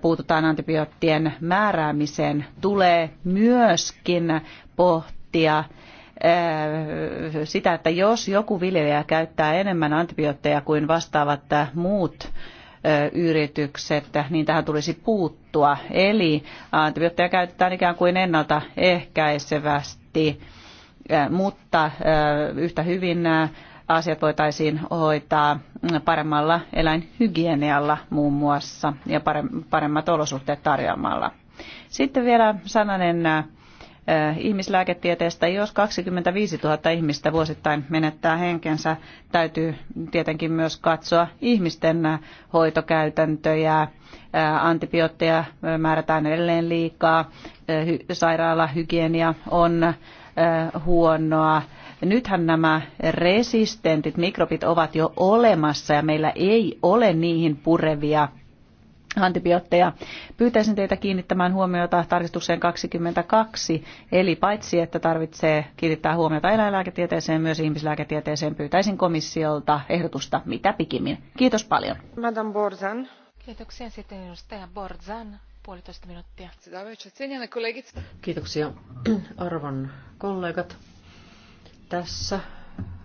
puututaan antibioottien määräämiseen, tulee myöskin pohtia sitä, että jos joku viljelijä käyttää enemmän antibiootteja kuin vastaavat muut yritykset, niin tähän tulisi puuttua. Eli antibiootteja käytetään ikään kuin ennaltaehkäisevästi, mutta yhtä hyvin nämä asiat voitaisiin hoitaa mm, paremmalla eläinhygienialla muun muassa ja paremmat olosuhteet tarjoamalla. Sitten vielä sananen ihmislääketieteestä. Jos 25 000 ihmistä vuosittain menettää henkensä, täytyy tietenkin myös katsoa ihmisten hoitokäytäntöjä. Antibiootteja määrätään edelleen liikaa, sairaalahygienia on huonoa. Nythän nämä resistentit mikrobit ovat jo olemassa ja meillä ei ole niihin purevia antibiootteja. Pyytäisin teitä kiinnittämään huomiota tarkistukseen 22, eli paitsi että tarvitsee kiinnittää huomiota eläinlääketieteeseen, myös ihmislääketieteeseen, pyytäisin komissiolta ehdotusta mitä pikimmin. Kiitos paljon. Madame Borzan. Kiitoksia sitten edustaja Borzan. Puolitoista minuuttia. Kiitoksia arvon kollegat. Tässä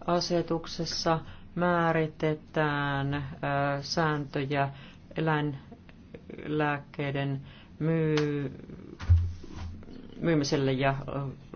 asetuksessa määritetään sääntöjä eläin, lääkkeiden myy, myymiselle ja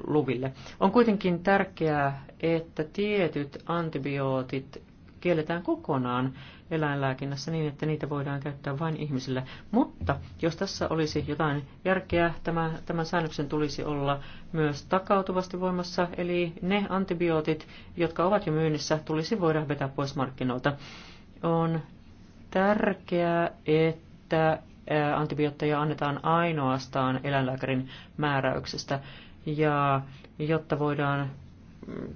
luville. On kuitenkin tärkeää, että tietyt antibiootit kielletään kokonaan eläinlääkinnässä niin, että niitä voidaan käyttää vain ihmisille. Mutta jos tässä olisi jotain järkeä, tämä, tämän säännöksen tulisi olla myös takautuvasti voimassa, eli ne antibiootit, jotka ovat jo myynnissä, tulisi voida vetää pois markkinoilta. On tärkeää, että että antibiootteja annetaan ainoastaan eläinlääkärin määräyksestä. Ja jotta voidaan mm,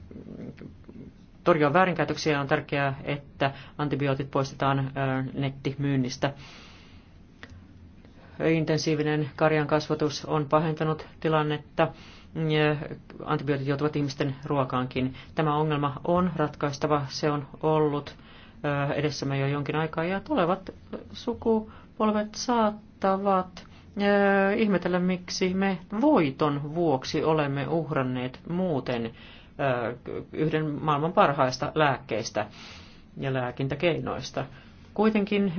torjua väärinkäytöksiä, on tärkeää, että antibiootit poistetaan nettimyynnistä. Intensiivinen karjan kasvatus on pahentanut tilannetta. Antibiootit joutuvat ihmisten ruokaankin. Tämä ongelma on ratkaistava. Se on ollut edessämme jo jonkin aikaa ja tulevat suku polvet saattavat ihmetellä, miksi me voiton vuoksi olemme uhranneet muuten yhden maailman parhaista lääkkeistä ja lääkintäkeinoista. Kuitenkin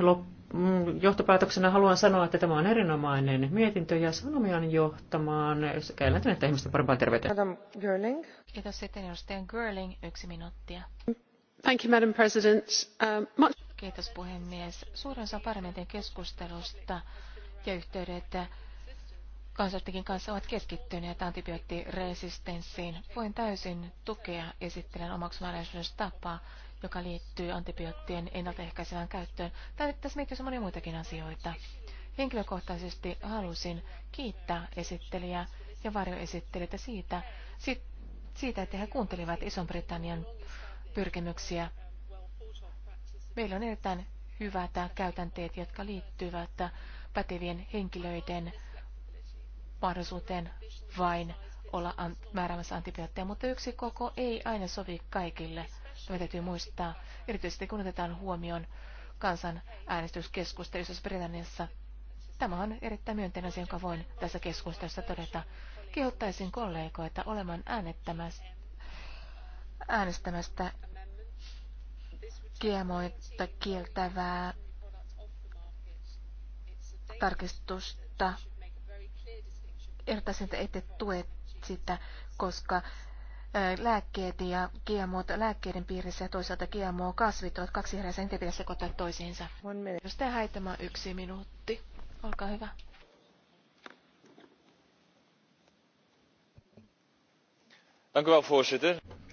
mm, johtopäätöksenä haluan sanoa, että tämä on erinomainen mietintö ja sanomian johtamaan sekä eläinten että ihmisten parempaan terveyteen. Madam Görling. Kiitos sitten edustaja Görling, yksi minuuttia. Thank you, Madam President. Uh, much... Kiitos puhemies. Suurin osa parlamentin keskustelusta ja yhteydet kansaltakin kanssa ovat keskittyneet antibioottiresistenssiin. Voin täysin tukea esittelen omaksumalaisuustapaa, joka liittyy antibioottien ennaltaehkäisevään käyttöön. Tai tässä miettii monia muitakin asioita. Henkilökohtaisesti halusin kiittää esittelijää ja varjoesittelijöitä siitä, siitä, että he kuuntelivat Ison-Britannian pyrkimyksiä Meillä on erittäin hyvät käytänteet, jotka liittyvät pätevien henkilöiden mahdollisuuteen vain olla an- määräämässä antibiootteja, mutta yksi koko ei aina sovi kaikille. Me täytyy muistaa, erityisesti kun otetaan huomioon yhdessä Britanniassa. Tämä on erittäin myönteinen asia, jonka voin tässä keskustelussa todeta. Kehottaisin kollegoita olemaan äänestämästä GMOita kieltävää tarkistusta. Ertaisin, että ette tue sitä, koska lääkkeet ja GMO lääkkeiden piirissä ja toisaalta GMO-kasvit ovat kaksi herässä, niitä pitäisi sekoittaa toisiinsa. tämä Häitämä, yksi minuutti. Olkaa hyvä.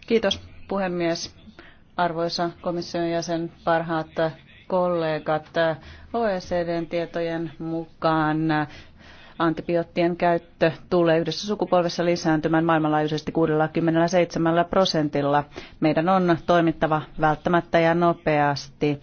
Kiitos puhemies arvoisa komission jäsen, parhaat kollegat. OECDn tietojen mukaan antibioottien käyttö tulee yhdessä sukupolvessa lisääntymään maailmanlaajuisesti 67 prosentilla. Meidän on toimittava välttämättä ja nopeasti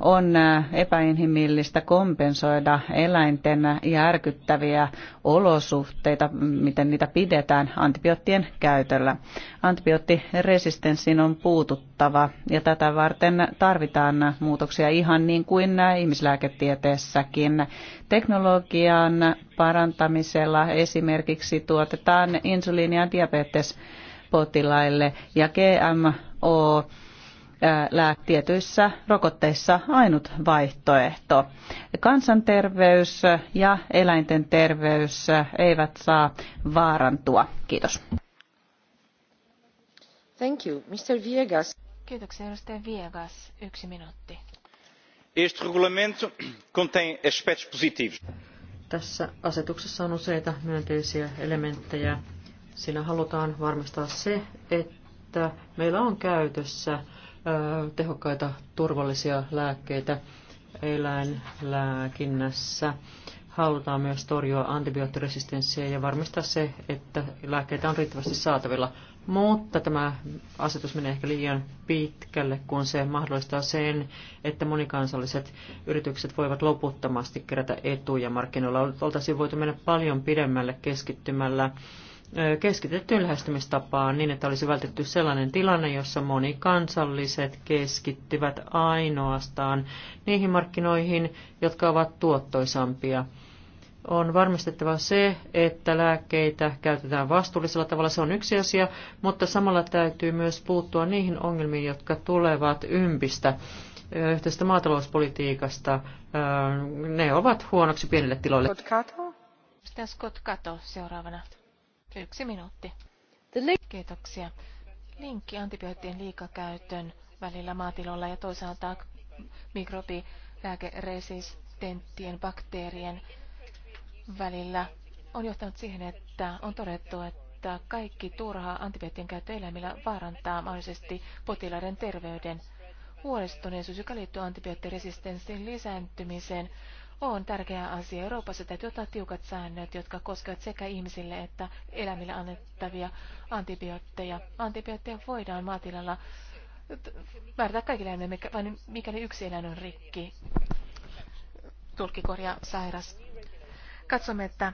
on epäinhimillistä kompensoida eläinten järkyttäviä olosuhteita, miten niitä pidetään antibioottien käytöllä. Antibioottiresistenssiin on puututtava ja tätä varten tarvitaan muutoksia ihan niin kuin ihmislääketieteessäkin. Teknologian parantamisella esimerkiksi tuotetaan insuliinia diabetespotilaille ja GMO tietyissä rokotteissa ainut vaihtoehto. Kansanterveys ja eläinten terveys eivät saa vaarantua. Kiitos. Thank you. Mr. Viegas. Kiitoksia, edustaja Viegas. Yksi minuutti. Este regulamento contém aspectos positivos. Tässä asetuksessa on useita myönteisiä elementtejä. Siinä halutaan varmistaa se, että meillä on käytössä tehokkaita turvallisia lääkkeitä eläinlääkinnässä. Halutaan myös torjua antibioottiresistenssiä ja varmistaa se, että lääkkeitä on riittävästi saatavilla. Mutta tämä asetus menee ehkä liian pitkälle, kun se mahdollistaa sen, että monikansalliset yritykset voivat loputtomasti kerätä etuja markkinoilla. Oltaisiin voitu mennä paljon pidemmälle keskittymällä keskitettyyn lähestymistapaan niin, että olisi vältetty sellainen tilanne, jossa monikansalliset keskittyvät ainoastaan niihin markkinoihin, jotka ovat tuottoisampia. On varmistettava se, että lääkkeitä käytetään vastuullisella tavalla, se on yksi asia, mutta samalla täytyy myös puuttua niihin ongelmiin, jotka tulevat ympistä yhteistä maatalouspolitiikasta. Ne ovat huonoksi pienille tiloille. Scott Kato. Scott Kato seuraavana. Yksi minuutti. Kiitoksia. Linkki antibioottien liikakäytön välillä maatilolla ja toisaalta mikrobilääkeresistenttien bakteerien välillä on johtanut siihen, että on todettu, että kaikki turha antibioottien käyttö eläimillä vaarantaa mahdollisesti potilaiden terveyden. Huolestuneisuus, joka liittyy antibioottiresistenssin lisääntymiseen, on tärkeä asia. Euroopassa täytyy ottaa tiukat säännöt, jotka koskevat sekä ihmisille että eläimille annettavia antibiootteja. Antibiootteja voidaan maatilalla määrätä kaikille eläimille, vain mikäli yksi eläin on rikki. Tulkikorja sairas. Katsomme, että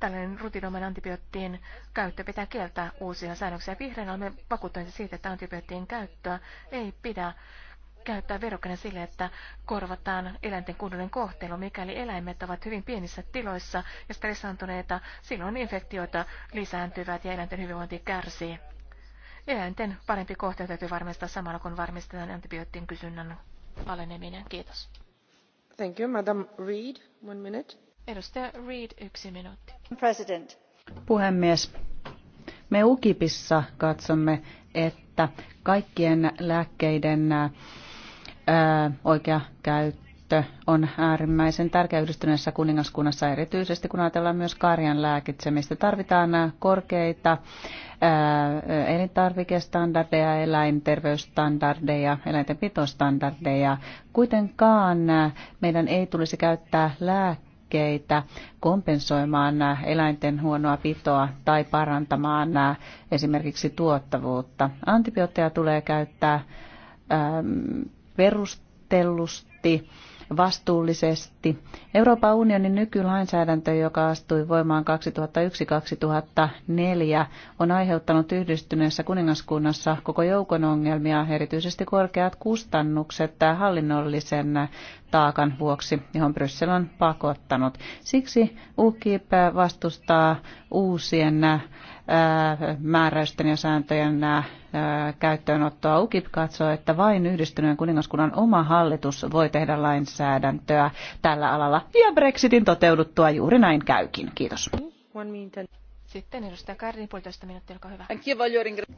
tällainen rutinomainen antibioottien käyttö pitää kieltää uusia säännöksiä. Vihreänä olemme vakuuttuneita siitä, että antibioottien käyttöä ei pidä käyttää verokana sille, että korvataan eläinten kunnollinen kohtelu. Mikäli eläimet ovat hyvin pienissä tiloissa ja stressaantuneita, silloin infektioita lisääntyvät ja eläinten hyvinvointi kärsii. Eläinten parempi kohtelu täytyy varmistaa samalla, kun varmistetaan antibioottien kysynnän aleneminen. Kiitos. Thank you, Madam Reed. One minute. Edustaja Reed, yksi minuutti. President. Puhemies, me UKIPissa katsomme, että kaikkien lääkkeiden oikea käyttö on äärimmäisen tärkeä yhdistyneessä kuningaskunnassa, erityisesti kun ajatellaan myös karjan lääkitsemistä. Tarvitaan korkeita elintarvikestandardeja, eläinterveysstandardeja, eläinten pitostandardeja. Kuitenkaan meidän ei tulisi käyttää lääkkeitä lääkkeitä kompensoimaan eläinten huonoa pitoa tai parantamaan esimerkiksi tuottavuutta. Antibiootteja tulee käyttää perustellusti vastuullisesti. Euroopan unionin nykylainsäädäntö, joka astui voimaan 2001-2004, on aiheuttanut yhdistyneessä kuningaskunnassa koko joukon ongelmia, erityisesti korkeat kustannukset hallinnollisen taakan vuoksi, johon Bryssel on pakottanut. Siksi UKIP vastustaa uusien määräysten ja sääntöjen käyttöönottoa. UKIP katsoo, että vain yhdistyneen kuningaskunnan oma hallitus voi tehdä lainsäädäntöä tällä alalla. Ja Brexitin toteuduttua juuri näin käykin. Kiitos. Sitten edustaja Kärni, puolitoista minuuttia, olkaa hyvä.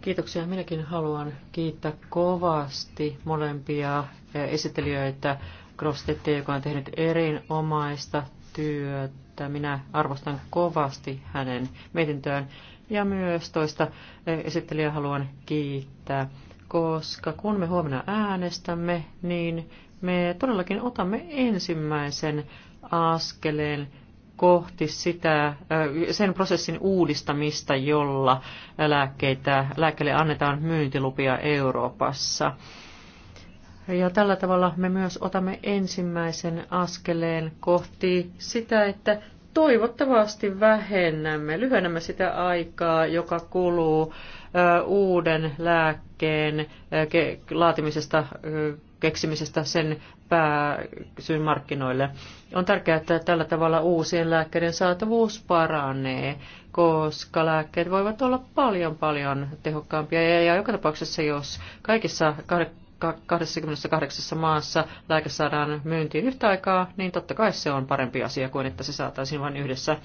Kiitoksia. Minäkin haluan kiittää kovasti molempia esittelijöitä. Grostette, joka on tehnyt erinomaista työtä. Minä arvostan kovasti hänen mietintöään ja myös toista esittelijää haluan kiittää, koska kun me huomenna äänestämme, niin me todellakin otamme ensimmäisen askeleen kohti sitä, sen prosessin uudistamista, jolla lääkkeitä, lääkkeille annetaan myyntilupia Euroopassa. Ja tällä tavalla me myös otamme ensimmäisen askeleen kohti sitä, että toivottavasti vähennämme, lyhennämme sitä aikaa, joka kuluu uuden lääkkeen laatimisesta, keksimisestä sen pääsyn markkinoille. On tärkeää, että tällä tavalla uusien lääkkeiden saatavuus paranee, koska lääkkeet voivat olla paljon paljon tehokkaampia. Ja, ja joka tapauksessa, jos kaikissa 28 maassa lääke saadaan myyntiin yhtä aikaa, niin totta kai se on parempi asia kuin että se saataisiin vain yhdessä.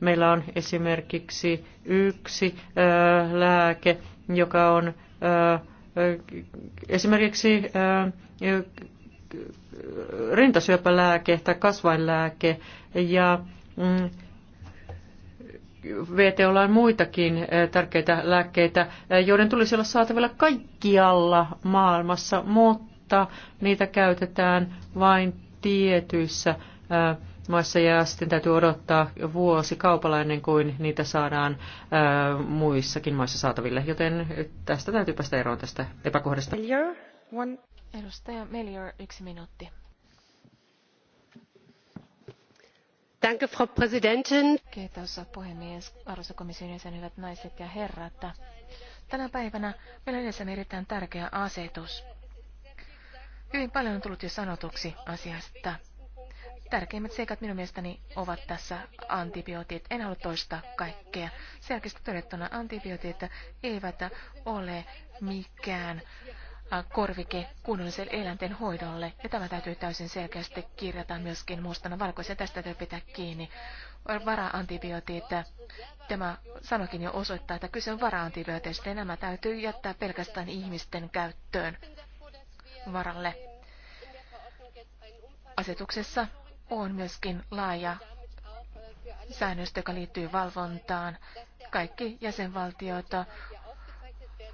Meillä on esimerkiksi yksi ö, lääke, joka on ö, esimerkiksi ö, rintasyöpälääke tai kasvainlääke ja mm, VTOlla on muitakin eh, tärkeitä lääkkeitä, eh, joiden tulisi olla saatavilla kaikkialla maailmassa, mutta niitä käytetään vain tietyissä eh, maissa ja sitten täytyy odottaa vuosi kaupalla ennen kuin niitä saadaan muissakin maissa saataville. Joten tästä täytyy päästä eroon tästä epäkohdasta. Melior, one... Edustaja Melior, yksi minuutti. Kiitos puhemies, arvoisa komission jäsen, hyvät naiset ja herrat. Tänä päivänä meillä on edessämme erittäin tärkeä asetus. Hyvin paljon on tullut jo sanotuksi asiasta. Tärkeimmät seikat minun mielestäni ovat tässä antibiootit. En halua toistaa kaikkea. Selkeästi todettuna antibiootit eivät ole mikään Äh, korvike kunnollisen eläinten hoidolle. Ja tämä täytyy täysin selkeästi kirjata myöskin mustana valkoisen. Tästä täytyy pitää kiinni. Vara-antibiootit, tämä sanokin jo osoittaa, että kyse on vara-antibiooteista. Nämä täytyy jättää pelkästään ihmisten käyttöön varalle. Asetuksessa on myöskin laaja säännöstö, joka liittyy valvontaan. Kaikki jäsenvaltiota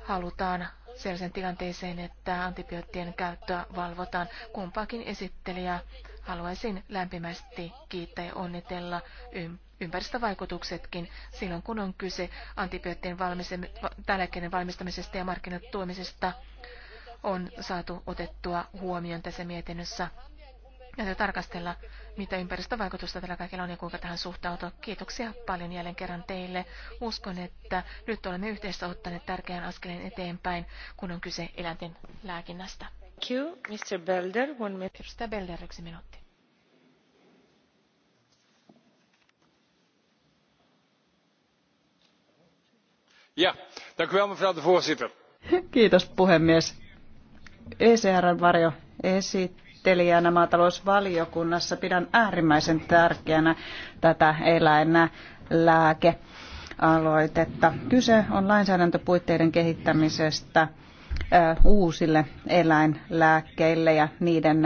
halutaan sellaisen tilanteeseen, että antibioottien käyttöä valvotaan. Kumpaakin esittelijä haluaisin lämpimästi kiittää ja onnitella ympäristövaikutuksetkin silloin, kun on kyse antibioottien valmistam- valmistamisesta ja markkinatuomisesta, tuomisesta on saatu otettua huomioon tässä mietinnössä. Ja tarkastella mitä ympäristövaikutusta tällä kaikilla on ja kuinka tähän suhtautua. Kiitoksia paljon jälleen kerran teille. Uskon, että nyt olemme yhdessä ottaneet tärkeän askeleen eteenpäin, kun on kyse eläinten lääkinnästä. Kiitos, Mr. Belder. One minute. Edustaja Belder, yksi minuutti. Ja, mevrouw de voorzitter. Kiitos puhemies. ecr varjo esittää esittelijänä maatalousvaliokunnassa pidän äärimmäisen tärkeänä tätä eläinlääkealoitetta. Kyse on lainsäädäntöpuitteiden kehittämisestä uusille eläinlääkkeille ja niiden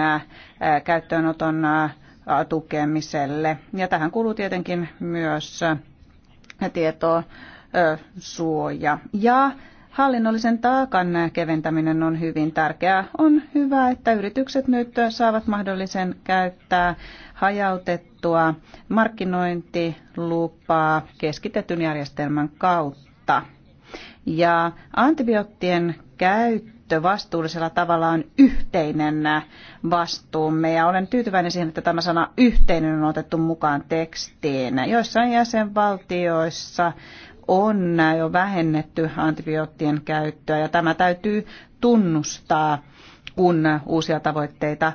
käyttöönoton tukemiselle. Ja tähän kuuluu tietenkin myös tietosuoja. Ja Hallinnollisen taakan keventäminen on hyvin tärkeää. On hyvä, että yritykset nyt saavat mahdollisen käyttää hajautettua markkinointilupaa keskitetyn järjestelmän kautta. Ja antibioottien käyttö vastuullisella tavalla on yhteinen vastuumme ja olen tyytyväinen siihen, että tämä sana yhteinen on otettu mukaan tekstiin. Joissain jäsenvaltioissa on jo vähennetty antibioottien käyttöä ja tämä täytyy tunnustaa, kun uusia tavoitteita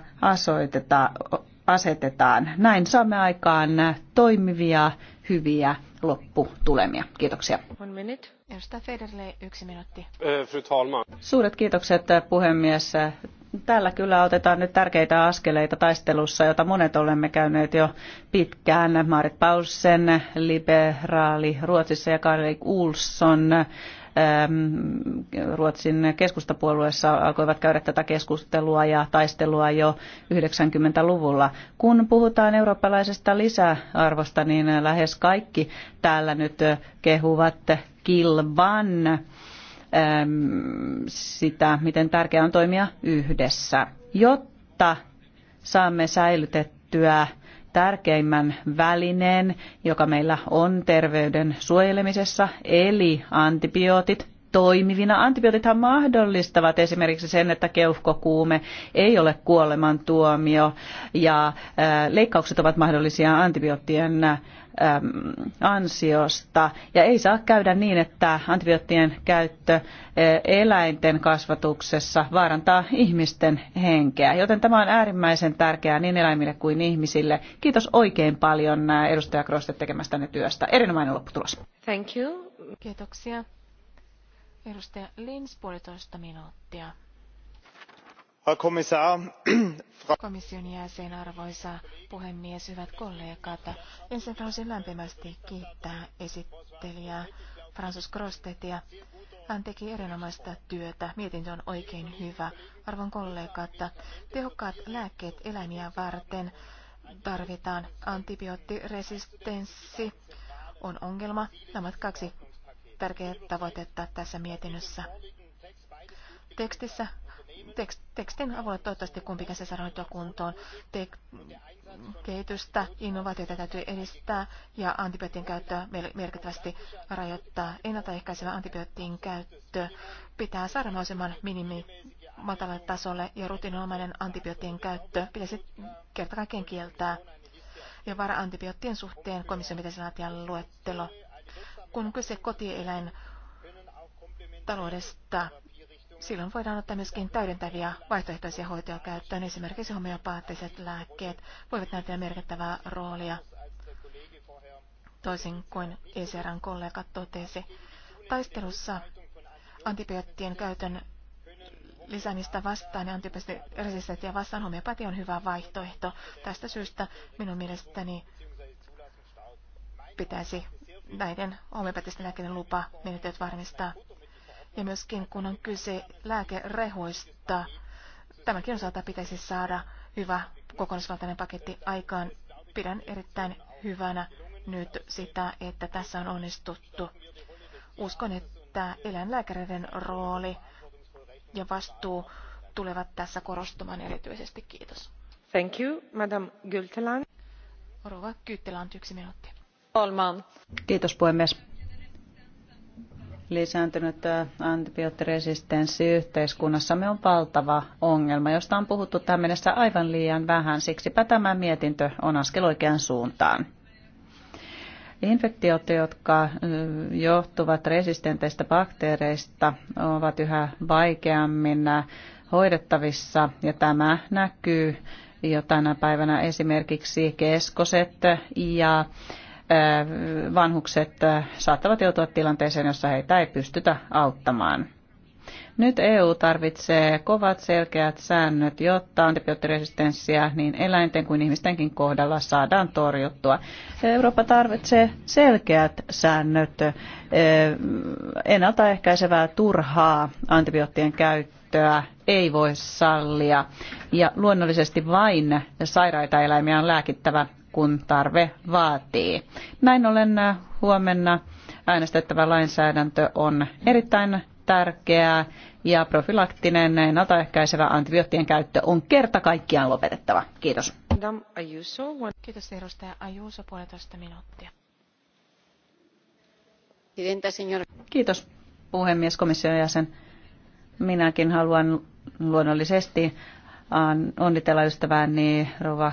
asetetaan. Näin saamme aikaan toimivia, hyviä lopputulemia. Kiitoksia. Federle, yksi minuutti. Eh, fru talman. Suuret kiitokset eh, puhemies. Tällä kyllä otetaan nyt tärkeitä askeleita taistelussa, jota monet olemme käyneet jo pitkään. Marit Paulsen, liberaali Ruotsissa ja Karli Ulsson ähm, Ruotsin keskustapuolueessa alkoivat käydä tätä keskustelua ja taistelua jo 90-luvulla. Kun puhutaan eurooppalaisesta lisäarvosta, niin lähes kaikki täällä nyt kehuvat kilvan sitä, miten tärkeää on toimia yhdessä, jotta saamme säilytettyä tärkeimmän välineen, joka meillä on terveyden suojelemisessa, eli antibiootit, toimivina. Antibiootithan mahdollistavat esimerkiksi sen, että keuhkokuume ei ole kuolemantuomio ja äh, leikkaukset ovat mahdollisia antibioottien äh, ansiosta. Ja ei saa käydä niin, että antibioottien käyttö äh, eläinten kasvatuksessa vaarantaa ihmisten henkeä. Joten tämä on äärimmäisen tärkeää niin eläimille kuin ihmisille. Kiitos oikein paljon edustaja Kroste tekemästänne työstä. Erinomainen lopputulos. Thank you. Kiitoksia. Edustaja Lins, puolitoista minuuttia. [CLEARS THROAT] Komission jäsen, arvoisa puhemies, hyvät kollegat. Ensin haluaisin lämpimästi kiittää esittelijää Francis Grostetia. Hän teki erinomaista työtä. Mietintö on oikein hyvä. Arvon kollegat, tehokkaat lääkkeet eläimiä varten tarvitaan. Antibioottiresistenssi on ongelma. Nämä kaksi tärkeää tavoitetta tässä mietinnössä. Tekstissä, tekst, tekstin avulla toivottavasti kumpikin se sanoitua kuntoon. Te, kehitystä, innovaatioita täytyy edistää ja antibioottien käyttöä merkittävästi rajoittaa. Ennaltaehkäisevä antibioottien käyttö pitää saada mahdollisimman minimi matalalle tasolle ja rutinomainen antibioottien käyttö pitäisi kerta kaiken kieltää. Ja vara-antibioottien suhteen komission pitäisi laatia luettelo kun kyse kotieläin taloudesta, silloin voidaan ottaa myöskin täydentäviä vaihtoehtoisia hoitoja käyttöön. Esimerkiksi homeopaattiset lääkkeet voivat näyttää merkittävää roolia, toisin kuin ECRn kollega totesi. Taistelussa antibioottien käytön lisäämistä vastaan ja antibioottiresistenttiä vastaan homeopatia on hyvä vaihtoehto. Tästä syystä minun mielestäni pitäisi näiden homeopatisten lääkkeiden lupa menetelmät varmistaa. Ja myöskin kun on kyse lääkerehoista, tämänkin osalta pitäisi saada hyvä kokonaisvaltainen paketti aikaan. Pidän erittäin hyvänä nyt sitä, että tässä on onnistuttu. Uskon, että eläinlääkäreiden rooli ja vastuu tulevat tässä korostumaan erityisesti. Kiitos. Thank you, Madam Gülteland. Rova Gülteland, yksi minuutti Kiitos puhemies. Lisääntynyt äh, antibioottiresistenssi yhteiskunnassamme on valtava ongelma, josta on puhuttu tähän mennessä aivan liian vähän. Siksipä tämä mietintö on askel oikeaan suuntaan. Infektiot, jotka äh, johtuvat resistenteistä bakteereista, ovat yhä vaikeammin äh, hoidettavissa ja tämä näkyy jo tänä päivänä esimerkiksi keskoset ja vanhukset saattavat joutua tilanteeseen, jossa heitä ei pystytä auttamaan. Nyt EU tarvitsee kovat selkeät säännöt, jotta antibioottiresistenssiä niin eläinten kuin ihmistenkin kohdalla saadaan torjuttua. Eurooppa tarvitsee selkeät säännöt, ennaltaehkäisevää turhaa antibioottien käyttöä ei voi sallia ja luonnollisesti vain sairaita eläimiä on lääkittävä kun tarve vaatii. Näin ollen äh, huomenna äänestettävä lainsäädäntö on erittäin tärkeää ja profilaktinen ennaltaehkäisevä antibioottien käyttö on kerta kaikkiaan lopetettava. Kiitos. Kiitos edustaja Ajuso, puolitoista minuuttia. Kiitos puhemies komission jäsen. Minäkin haluan luonnollisesti onnitella ystävääni Rova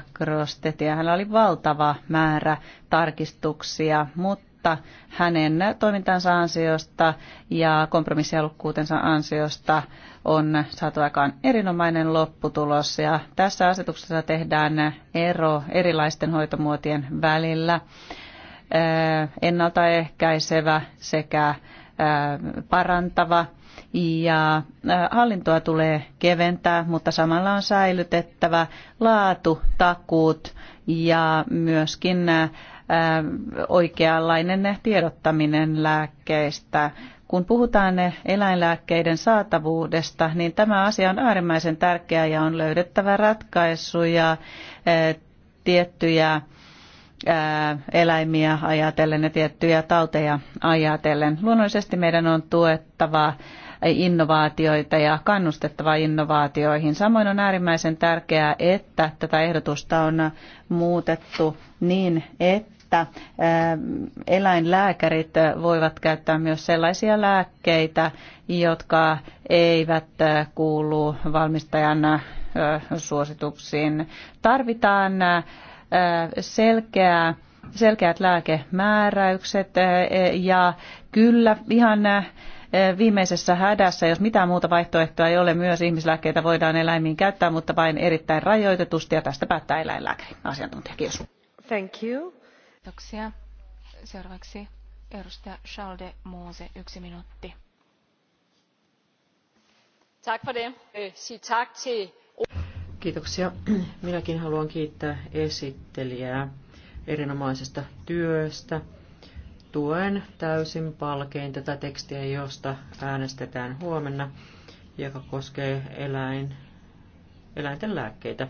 ja Hänellä oli valtava määrä tarkistuksia, mutta hänen toimintansa ansiosta ja kompromissialukkuutensa ansiosta on saatu aikaan erinomainen lopputulos. Ja tässä asetuksessa tehdään ero erilaisten hoitomuotien välillä. Ennaltaehkäisevä sekä parantava ja hallintoa tulee keventää, mutta samalla on säilytettävä laatu, takuut ja myöskin oikeanlainen tiedottaminen lääkkeistä. Kun puhutaan eläinlääkkeiden saatavuudesta, niin tämä asia on äärimmäisen tärkeä ja on löydettävä ratkaisuja tiettyjä eläimiä ajatellen ja tiettyjä tauteja ajatellen. Luonnollisesti meidän on tuettava innovaatioita ja kannustettava innovaatioihin. Samoin on äärimmäisen tärkeää, että tätä ehdotusta on muutettu niin, että eläinlääkärit voivat käyttää myös sellaisia lääkkeitä, jotka eivät kuulu valmistajan suosituksiin. Tarvitaan selkeää selkeät lääkemääräykset ja kyllä ihan Eh, viimeisessä hädässä, jos mitään muuta vaihtoehtoa ei ole, myös ihmislääkkeitä voidaan eläimiin käyttää, mutta vain erittäin rajoitetusti ja tästä päättää eläinlääkäri asiantuntija. Kiitos. Thank you. Kiitoksia. Seuraavaksi edustaja Charles Mose, yksi minuutti. Tack för det. Øh, tack till Kiitoksia. Minäkin haluan kiittää esittelijää erinomaisesta työstä tuen täysin palkein tätä tekstiä, josta äänestetään huomenna, joka koskee eläin, eläinten lääkkeitä.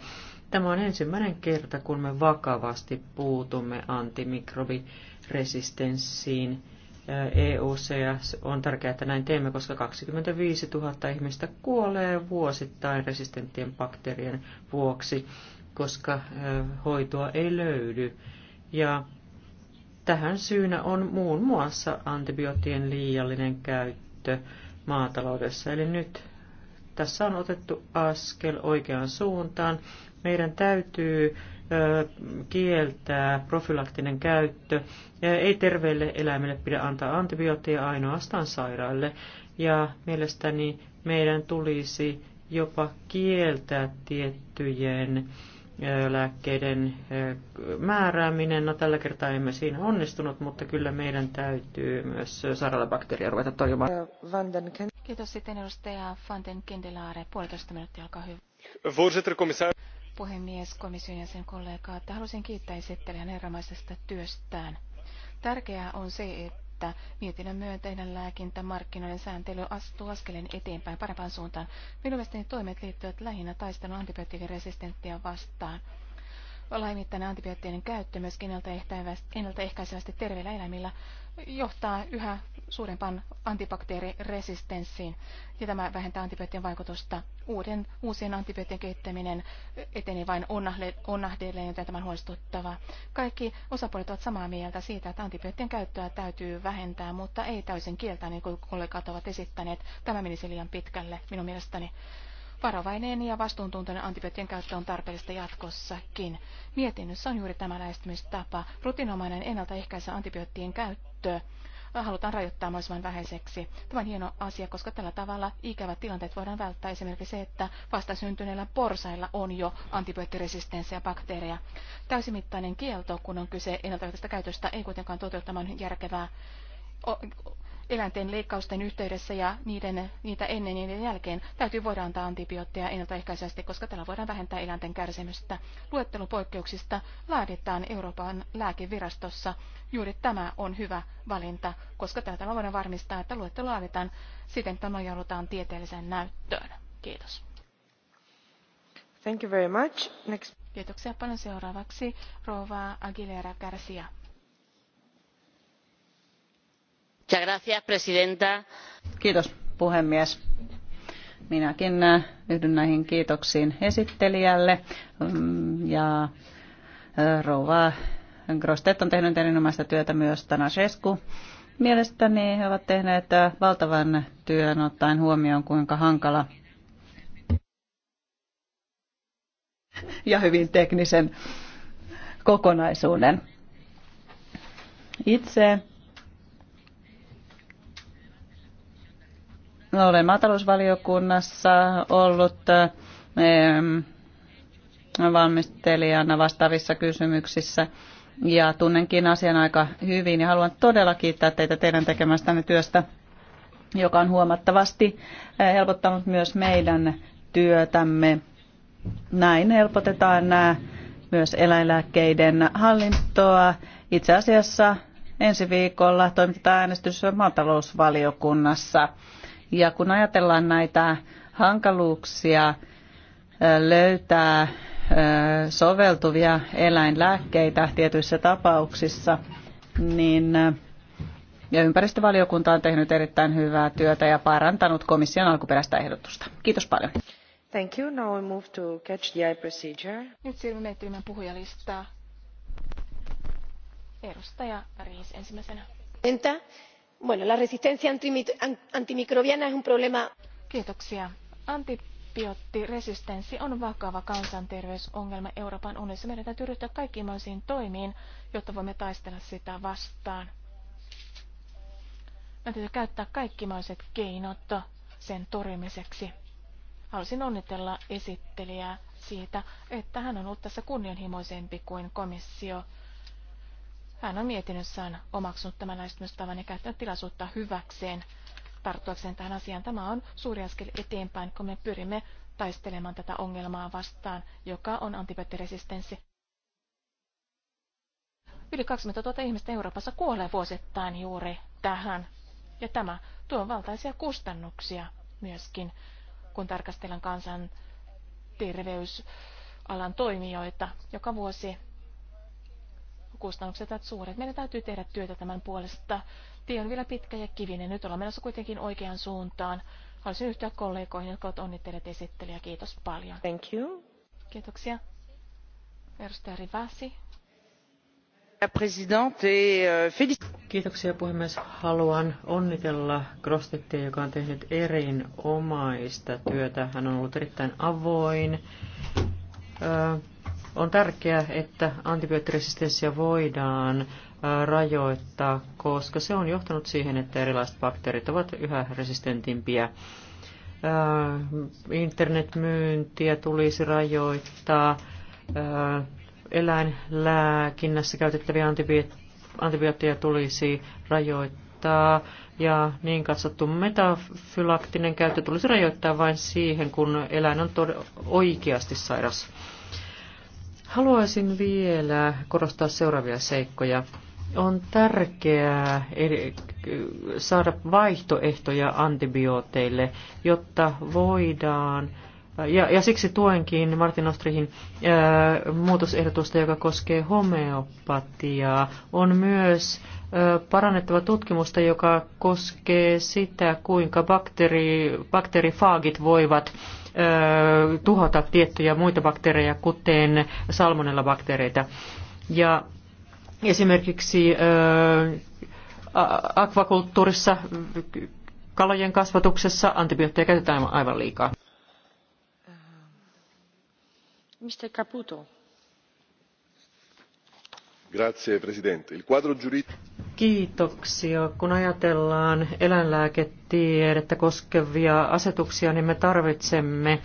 Tämä on ensimmäinen kerta, kun me vakavasti puutumme antimikrobiresistenssiin EU:ssa ja on tärkeää, että näin teemme, koska 25 000 ihmistä kuolee vuosittain resistenttien bakteerien vuoksi, koska hoitoa ei löydy. Ja Tähän syynä on muun muassa antibioottien liiallinen käyttö maataloudessa. Eli nyt tässä on otettu askel oikeaan suuntaan. Meidän täytyy kieltää profylaktinen käyttö. Ei terveille eläimille pidä antaa antibiootteja ainoastaan sairaille. Ja mielestäni meidän tulisi jopa kieltää tiettyjen lääkkeiden määrääminen. No tällä kertaa emme siinä onnistunut, mutta kyllä meidän täytyy myös sairaalabakteeria ruveta torjumaan. Kiitos sitten edustaja Vanden Kendelaare. Puolitoista minuuttia, olkaa hyvä. Puhemies, komission jäsen kollegaa, että haluaisin kiittää esittelijän erinomaisesta työstään. Tärkeää on se, että että mietinnön myönteinen lääkintä markkinoiden sääntely astuu askeleen eteenpäin parempaan suuntaan. Minun mielestäni toimet liittyvät lähinnä taistelun antibioottiresistenttiä vastaan laimittainen antibioottien käyttö myöskin ennaltaehkäisevästi terveillä eläimillä johtaa yhä suurempaan antibakteeriresistenssiin ja tämä vähentää antibioottien vaikutusta. Uuden, uusien antibioottien kehittäminen eteni vain onnahdelleen, joten tämä on huolestuttavaa. Kaikki osapuolet ovat samaa mieltä siitä, että antibioottien käyttöä täytyy vähentää, mutta ei täysin kieltää, niin kuin kollegat ovat esittäneet. Tämä menisi liian pitkälle minun mielestäni. Varovainen ja vastuuntuntoinen antibioottien käyttö on tarpeellista jatkossakin. Mietinnössä on juuri tämä lähestymistapa. Rutinomainen ennaltaehkäisä antibioottien käyttö halutaan rajoittaa mahdollisimman vähäiseksi. Tämä on hieno asia, koska tällä tavalla ikävät tilanteet voidaan välttää esimerkiksi se, että vastasyntyneillä porsailla on jo antibioottiresistenssiä bakteereja. Täysimittainen kielto, kun on kyse ennaltaehkäisestä käytöstä, ei kuitenkaan toteuttamaan järkevää eläinten leikkausten yhteydessä ja niiden, niitä ennen ja niiden jälkeen täytyy voida antaa antibiootteja ennaltaehkäisesti, koska tällä voidaan vähentää eläinten kärsimystä. Luettelo poikkeuksista laaditaan Euroopan lääkevirastossa. Juuri tämä on hyvä valinta, koska tällä voidaan varmistaa, että luettelo laaditaan siten, että nojaudutaan tieteelliseen näyttöön. Kiitos. Thank you very much. Next. Kiitoksia paljon seuraavaksi Rova Aguilera Garcia. Kiitos, puhemies. Minäkin äh, yhdyn näihin kiitoksiin esittelijälle mm, ja äh, rouva grossette on tehnyt erinomaista työtä myös Tanasescu. Mielestäni he ovat tehneet äh, valtavan työn ottaen huomioon, kuinka hankala ja hyvin teknisen kokonaisuuden. Itse Olen maatalousvaliokunnassa ollut valmistelijana vastaavissa kysymyksissä ja tunnenkin asian aika hyvin ja haluan todella kiittää teitä teidän tekemästänne työstä, joka on huomattavasti eh, helpottanut myös meidän työtämme. Näin helpotetaan nämä eh, myös eläinlääkkeiden hallintoa. Itse asiassa ensi viikolla toimitetaan äänestys maatalousvaliokunnassa. Ja kun ajatellaan näitä hankaluuksia löytää soveltuvia eläinlääkkeitä tietyissä tapauksissa, niin ja ympäristövaliokunta on tehnyt erittäin hyvää työtä ja parantanut komission alkuperäistä ehdotusta. Kiitos paljon. Thank you. Now we move to catch the eye procedure. Nyt siirrymme miettimään puhujalistaa. Edustaja Riis ensimmäisenä. Entä? Bueno, la resistencia antimicrobiana es un problema. Kiitoksia. Antibioottiresistenssi on vakava kansanterveysongelma Euroopan unionissa. Meidän täytyy ryhtyä kaikkiin mahdollisiin toimiin, jotta voimme taistella sitä vastaan. Meidän täytyy käyttää kaikki mahdolliset keinot sen torjumiseksi. Haluaisin onnitella esittelijää siitä, että hän on ollut tässä kunnianhimoisempi kuin komissio hän on mietinnössään omaksunut tämän lähestymistavan ja käyttänyt tilaisuutta hyväkseen tarttuakseen tähän asiaan. Tämä on suuri askel eteenpäin, kun me pyrimme taistelemaan tätä ongelmaa vastaan, joka on antibioottiresistenssi. Yli 20 000 ihmistä Euroopassa kuolee vuosittain juuri tähän. Ja tämä tuo valtaisia kustannuksia myöskin, kun tarkastellaan kansan terveysalan toimijoita. Joka vuosi kustannukset ovat suuret. Meidän täytyy tehdä työtä tämän puolesta. Tie on vielä pitkä ja kivinen. Nyt ollaan menossa kuitenkin oikeaan suuntaan. Haluaisin yhtyä kollegoihin, jotka ovat onnittelijat esittelijä. Kiitos paljon. Thank you. Kiitoksia. Edustaja Rivasi. Euh, Kiitoksia puhemies. Haluan onnitella Grostettia, joka on tehnyt erinomaista työtä. Hän on ollut erittäin avoin on tärkeää, että antibioottiresistenssiä voidaan rajoittaa, koska se on johtanut siihen, että erilaiset bakteerit ovat yhä resistentimpiä. Internetmyyntiä tulisi rajoittaa, eläinlääkinnässä käytettäviä antibiootteja tulisi rajoittaa ja niin katsottu metafylaktinen käyttö tulisi rajoittaa vain siihen, kun eläin on oikeasti sairas. Haluaisin vielä korostaa seuraavia seikkoja. On tärkeää saada vaihtoehtoja antibiooteille, jotta voidaan ja, ja siksi tuenkin Martin Ostrihin ää, muutosehdotusta, joka koskee homeopatiaa. On myös parannettava tutkimusta, joka koskee sitä, kuinka bakteeri, bakteerifaagit voivat tuhota tiettyjä muita bakteereja, kuten salmonella bakteereita. Ja esimerkiksi ö, akvakulttuurissa, kalojen kasvatuksessa antibiootteja käytetään aivan liikaa. Mr. Caputo. Grazie, presidente. Kiitoksia. Kun ajatellaan eläinlääketiedettä koskevia asetuksia, niin me tarvitsemme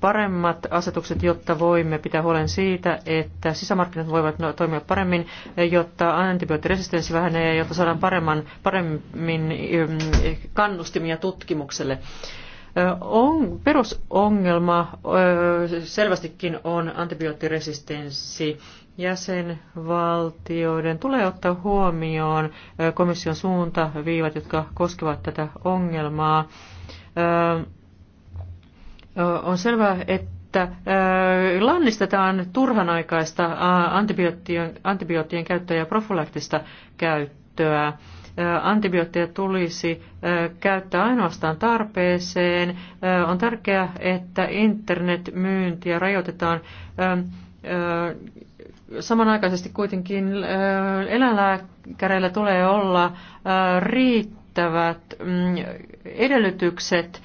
paremmat asetukset, jotta voimme pitää huolen siitä, että sisämarkkinat voivat no, toimia paremmin, jotta antibioottiresistenssi vähenee ja jotta saadaan paremman, paremmin kannustimia tutkimukselle. perusongelma selvästikin on antibioottiresistenssi jäsenvaltioiden tulee ottaa huomioon komission suuntaviivat, jotka koskevat tätä ongelmaa. On selvää, että lannistetaan turhanaikaista antibioottien, antibioottien käyttöä ja profylaktista käyttöä. Antibiootteja tulisi käyttää ainoastaan tarpeeseen. On tärkeää, että internetmyyntiä rajoitetaan Samanaikaisesti kuitenkin eläinlääkäreillä tulee olla riittävät mm, edellytykset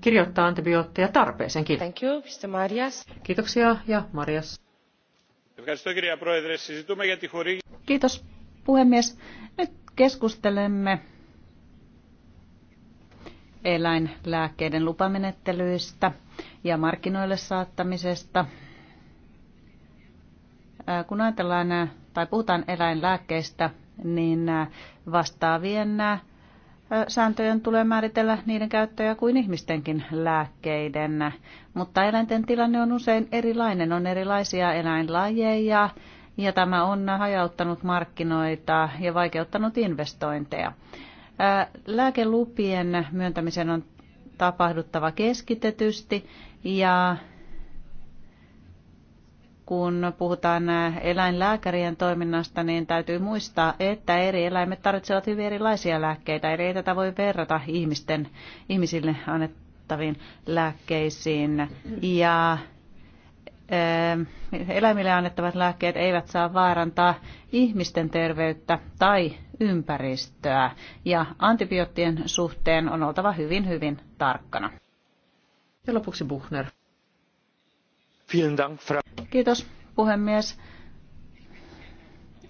kirjoittaa antibiootteja tarpeeseen. Kiitos. Thank you, Mr. Marias. Kiitoksia ja Marias. Kiitos puhemies. Nyt keskustelemme eläinlääkkeiden lupamenettelyistä ja markkinoille saattamisesta kun ajatellaan tai puhutaan eläinlääkkeistä, niin vastaavien sääntöjen tulee määritellä niiden käyttöjä kuin ihmistenkin lääkkeiden. Mutta eläinten tilanne on usein erilainen, on erilaisia eläinlajeja ja tämä on hajauttanut markkinoita ja vaikeuttanut investointeja. Lääkelupien myöntämisen on tapahduttava keskitetysti ja kun puhutaan eläinlääkärien toiminnasta, niin täytyy muistaa, että eri eläimet tarvitsevat hyvin erilaisia lääkkeitä. ei tätä voi verrata ihmisten, ihmisille annettaviin lääkkeisiin. Ja eh, eläimille annettavat lääkkeet eivät saa vaarantaa ihmisten terveyttä tai ympäristöä. Ja antibioottien suhteen on oltava hyvin, hyvin tarkkana. Ja lopuksi Buchner. Kiitos puhemies.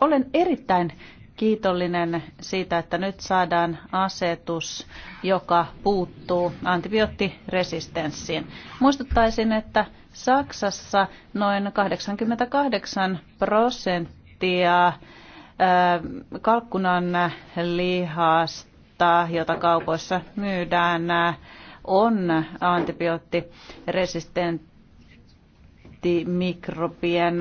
Olen erittäin kiitollinen siitä, että nyt saadaan asetus, joka puuttuu antibioottiresistenssiin. Muistuttaisin, että Saksassa noin 88 prosenttia kalkkunan lihasta, jota kaupoissa myydään, on antibioottiresistentti antimikrobien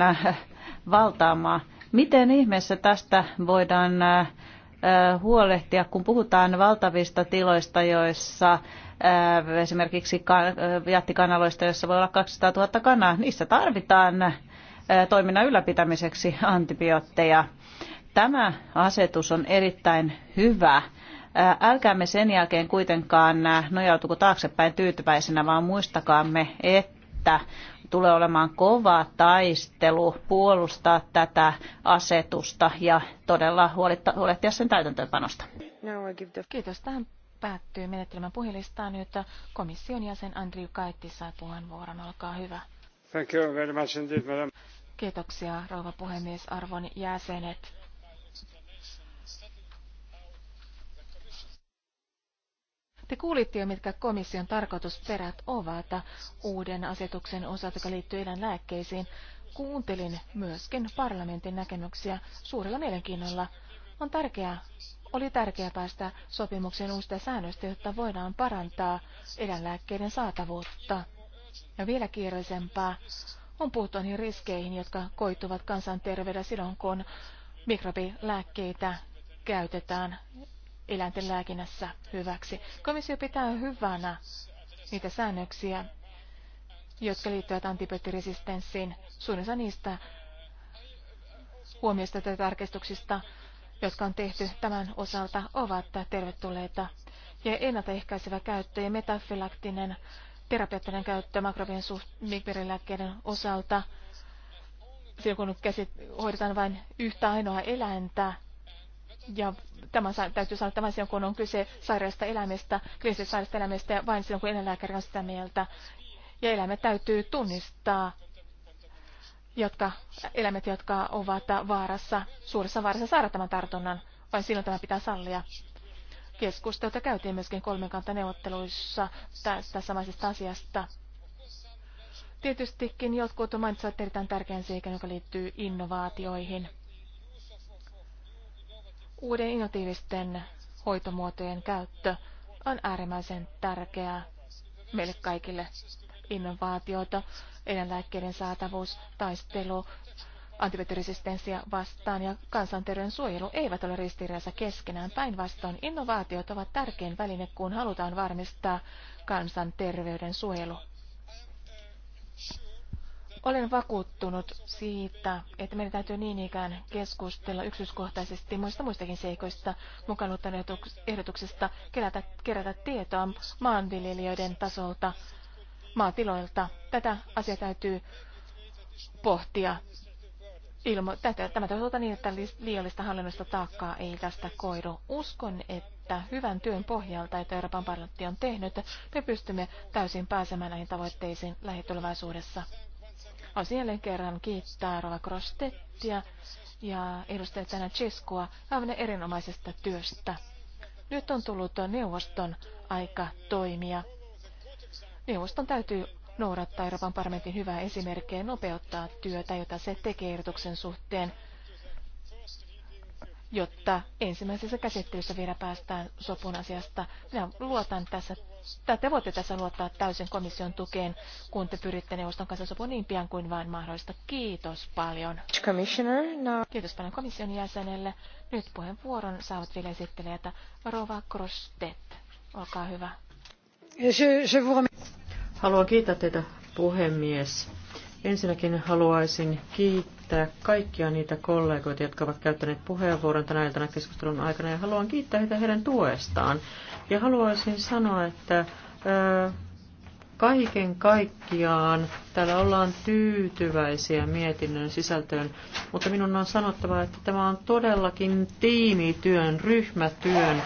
valtaamaa. Miten ihmeessä tästä voidaan äh, äh, huolehtia, kun puhutaan valtavista tiloista, joissa äh, esimerkiksi jättikanaloista, joissa voi olla 200 000 kanaa, niissä tarvitaan toiminnan ylläpitämiseksi antibiootteja. Tämä asetus on erittäin hyvä. Älkäämme sen jälkeen kuitenkaan nojautuko taaksepäin tyytyväisenä, vaan muistakaamme, että tulee olemaan kova taistelu puolustaa tätä asetusta ja todella huolehtia sen täytäntöönpanosta. Kiitos. Tähän päättyy menettelemään puhelistaan nyt. Komission jäsen Andriy Kaitti sai puheenvuoron. Olkaa hyvä. Thank you very much indeed, madam. Kiitoksia, rouva puhemies, arvon jäsenet. Te kuulitte jo, mitkä komission tarkoitusperät ovat uuden asetuksen osalta, joka liittyy eläinlääkkeisiin. Kuuntelin myöskin parlamentin näkemyksiä suurella mielenkiinnolla. On tärkeää, oli tärkeää päästä sopimuksen uusista säännöistä, jotta voidaan parantaa eläinlääkkeiden saatavuutta. Ja vielä kiireellisempää on puhuttu niihin riskeihin, jotka koituvat kansanterveydellä silloin, kun mikrobilääkkeitä käytetään eläinten lääkinnässä hyväksi. Komissio pitää hyvänä niitä säännöksiä, jotka liittyvät antibioottiresistenssiin. Suurin osa niistä huomioista tai tarkistuksista, jotka on tehty tämän osalta, ovat tervetulleita. Ja ennaltaehkäisevä käyttö ja metafilaktinen terapeuttinen käyttö makrobien mikrobilääkkeiden osalta, silloin kun käsit, hoidetaan vain yhtä ainoa eläintä, ja tämä täytyy sanoa vain silloin, kun on kyse sairaasta eläimestä, kriisistä sairaasta eläimestä, ja vain silloin, kun eläinlääkäri on sitä mieltä. Ja eläimet täytyy tunnistaa, jotka, eläimet, jotka ovat vaarassa, suuressa vaarassa saada tämän tartunnan. Vain silloin tämä pitää sallia. Keskustelta käytiin myöskin kolmikantaneuvotteluissa tästä samaisesta asiasta. Tietystikin jotkut mainitsivat erittäin tärkeän seikan, joka liittyy innovaatioihin uuden innovatiivisten hoitomuotojen käyttö on äärimmäisen tärkeää meille kaikille. Innovaatioita, eläinlääkkeiden saatavuus, taistelu, antibioottiresistenssiä vastaan ja kansanterveyden suojelu eivät ole ristiriidassa keskenään. Päinvastoin innovaatiot ovat tärkein väline, kun halutaan varmistaa kansanterveyden suojelu. Olen vakuuttunut siitä, että meidän täytyy niin ikään keskustella yksityiskohtaisesti muista muistakin seikoista mukaan ehdotuksesta kerätä, kerätä tietoa maanviljelijöiden tasolta, maatiloilta. Tätä asiaa täytyy pohtia. Ilmo, tätä, tämä toisaalta niin, että liiallista hallinnollista taakkaa ei tästä koidu. Uskon, että hyvän työn pohjalta, että Euroopan parlamentti on tehnyt, me pystymme täysin pääsemään näihin tavoitteisiin lähitulevaisuudessa. Haluaisin jälleen kerran kiittää Rova Krostettia ja edustaja Tänä Cheskua aivan erinomaisesta työstä. Nyt on tullut neuvoston aika toimia. Neuvoston täytyy noudattaa Euroopan parlamentin hyvää esimerkkiä nopeuttaa työtä, jota se tekee ehdotuksen suhteen jotta ensimmäisessä käsittelyssä vielä päästään sopun asiasta. Minä luotan tässä, tai te voitte tässä luottaa täysin komission tukeen, kun te pyritte neuvoston kanssa sopua niin pian kuin vain mahdollista. Kiitos paljon. Commissioner, no. Kiitos paljon komission jäsenelle. Nyt puheenvuoron saavat vielä esittelijätä Rova Krostet. Olkaa hyvä. Haluan kiittää teitä puhemies Ensinnäkin haluaisin kiittää kaikkia niitä kollegoita, jotka ovat käyttäneet puheenvuoron tänä iltana keskustelun aikana, ja haluan kiittää heitä heidän tuestaan. Ja haluaisin sanoa, että ö, kaiken kaikkiaan täällä ollaan tyytyväisiä mietinnön sisältöön, mutta minun on sanottava, että tämä on todellakin tiimityön, ryhmätyön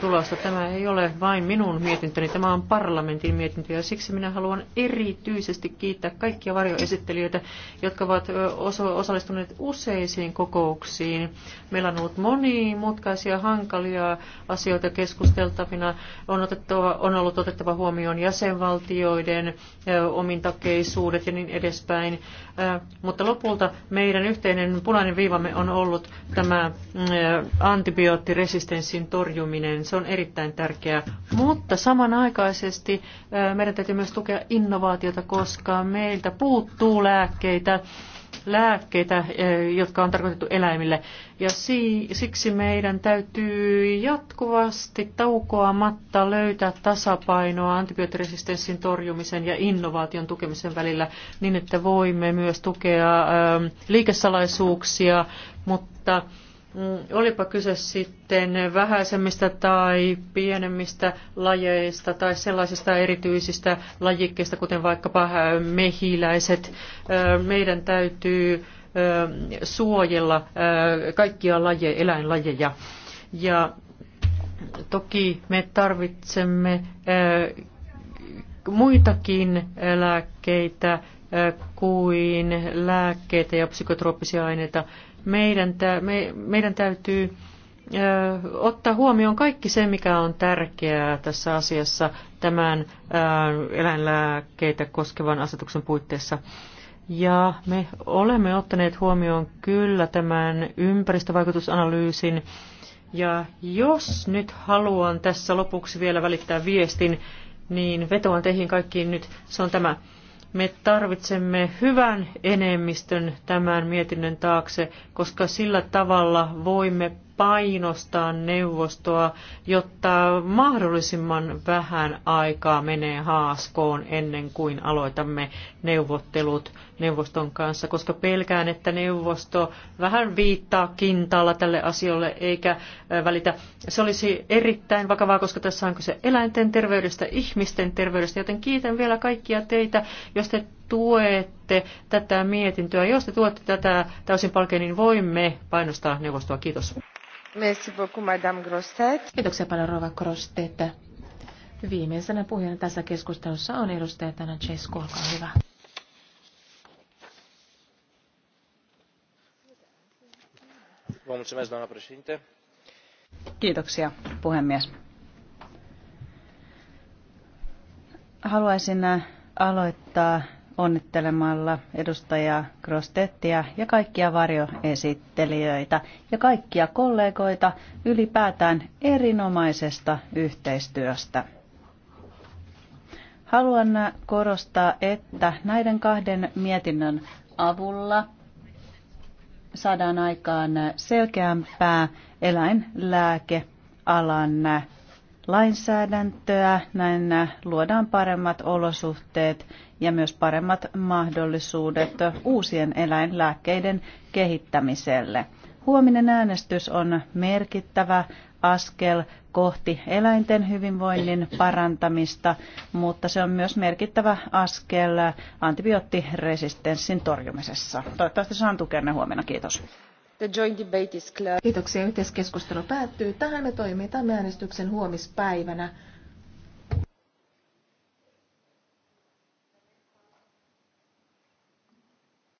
tulosta. Tämä ei ole vain minun mietintöni, tämä on parlamentin mietintö ja siksi minä haluan erityisesti kiittää kaikkia varjoesittelijöitä, jotka ovat osallistuneet useisiin kokouksiin. Meillä on ollut monimutkaisia, hankalia asioita keskusteltavina. On, otettava, on ollut otettava huomioon jäsenvaltioiden omintakeisuudet ja niin edespäin. Mutta lopulta meidän yhteinen punainen viivamme on ollut tämä mm, antibioottiresistenssin torjuminen osaaminen, se on erittäin tärkeää, mutta samanaikaisesti meidän täytyy myös tukea innovaatiota, koska meiltä puuttuu lääkkeitä, lääkkeitä, jotka on tarkoitettu eläimille. Ja siksi meidän täytyy jatkuvasti taukoamatta löytää tasapainoa antibioottiresistenssin torjumisen ja innovaation tukemisen välillä niin, että voimme myös tukea liikesalaisuuksia, mutta Mm, olipa kyse sitten vähäisemmistä tai pienemmistä lajeista tai sellaisista erityisistä lajikkeista, kuten vaikkapa mehiläiset, meidän täytyy suojella kaikkia laje, eläinlajeja. Ja toki me tarvitsemme muitakin lääkkeitä kuin lääkkeitä ja psykotrooppisia aineita meidän, me, meidän täytyy ottaa huomioon kaikki se, mikä on tärkeää tässä asiassa tämän eläinlääkkeitä koskevan asetuksen puitteissa. Ja me olemme ottaneet huomioon kyllä tämän ympäristövaikutusanalyysin. Ja jos nyt haluan tässä lopuksi vielä välittää viestin, niin vetoan teihin kaikkiin nyt. Se on tämä. Me tarvitsemme hyvän enemmistön tämän mietinnön taakse, koska sillä tavalla voimme painostaa neuvostoa, jotta mahdollisimman vähän aikaa menee haaskoon ennen kuin aloitamme neuvottelut neuvoston kanssa, koska pelkään, että neuvosto vähän viittaa kintaalla tälle asiolle eikä välitä. Se olisi erittäin vakavaa, koska tässä on kyse eläinten terveydestä, ihmisten terveydestä, joten kiitän vielä kaikkia teitä, jos te tuette tätä mietintöä. Jos te tuette tätä täysin palkeen, niin voimme painostaa neuvostoa. Kiitos. Merci beaucoup, Madame Grostet. Kiitoksia paljon, Rova Grostet. Viimeisenä puhujana tässä keskustelussa on edustaja Tana Cesku, olkaa hyvä. Kiitoksia, puhemies. Haluaisin aloittaa onnittelemalla edustaja Grostettia ja kaikkia varjoesittelijöitä ja kaikkia kollegoita ylipäätään erinomaisesta yhteistyöstä. Haluan korostaa, että näiden kahden mietinnön avulla saadaan aikaan selkeämpää eläinlääkealan lainsäädäntöä, näin luodaan paremmat olosuhteet ja myös paremmat mahdollisuudet uusien eläinlääkkeiden kehittämiselle. Huominen äänestys on merkittävä askel kohti eläinten hyvinvoinnin parantamista, mutta se on myös merkittävä askel antibioottiresistenssin torjumisessa. Toivottavasti saan tukenne huomenna. Kiitos. The joint Yhteiskeskustelu päättyy. Tähän me toimitamme äänestyksen huomispäivänä.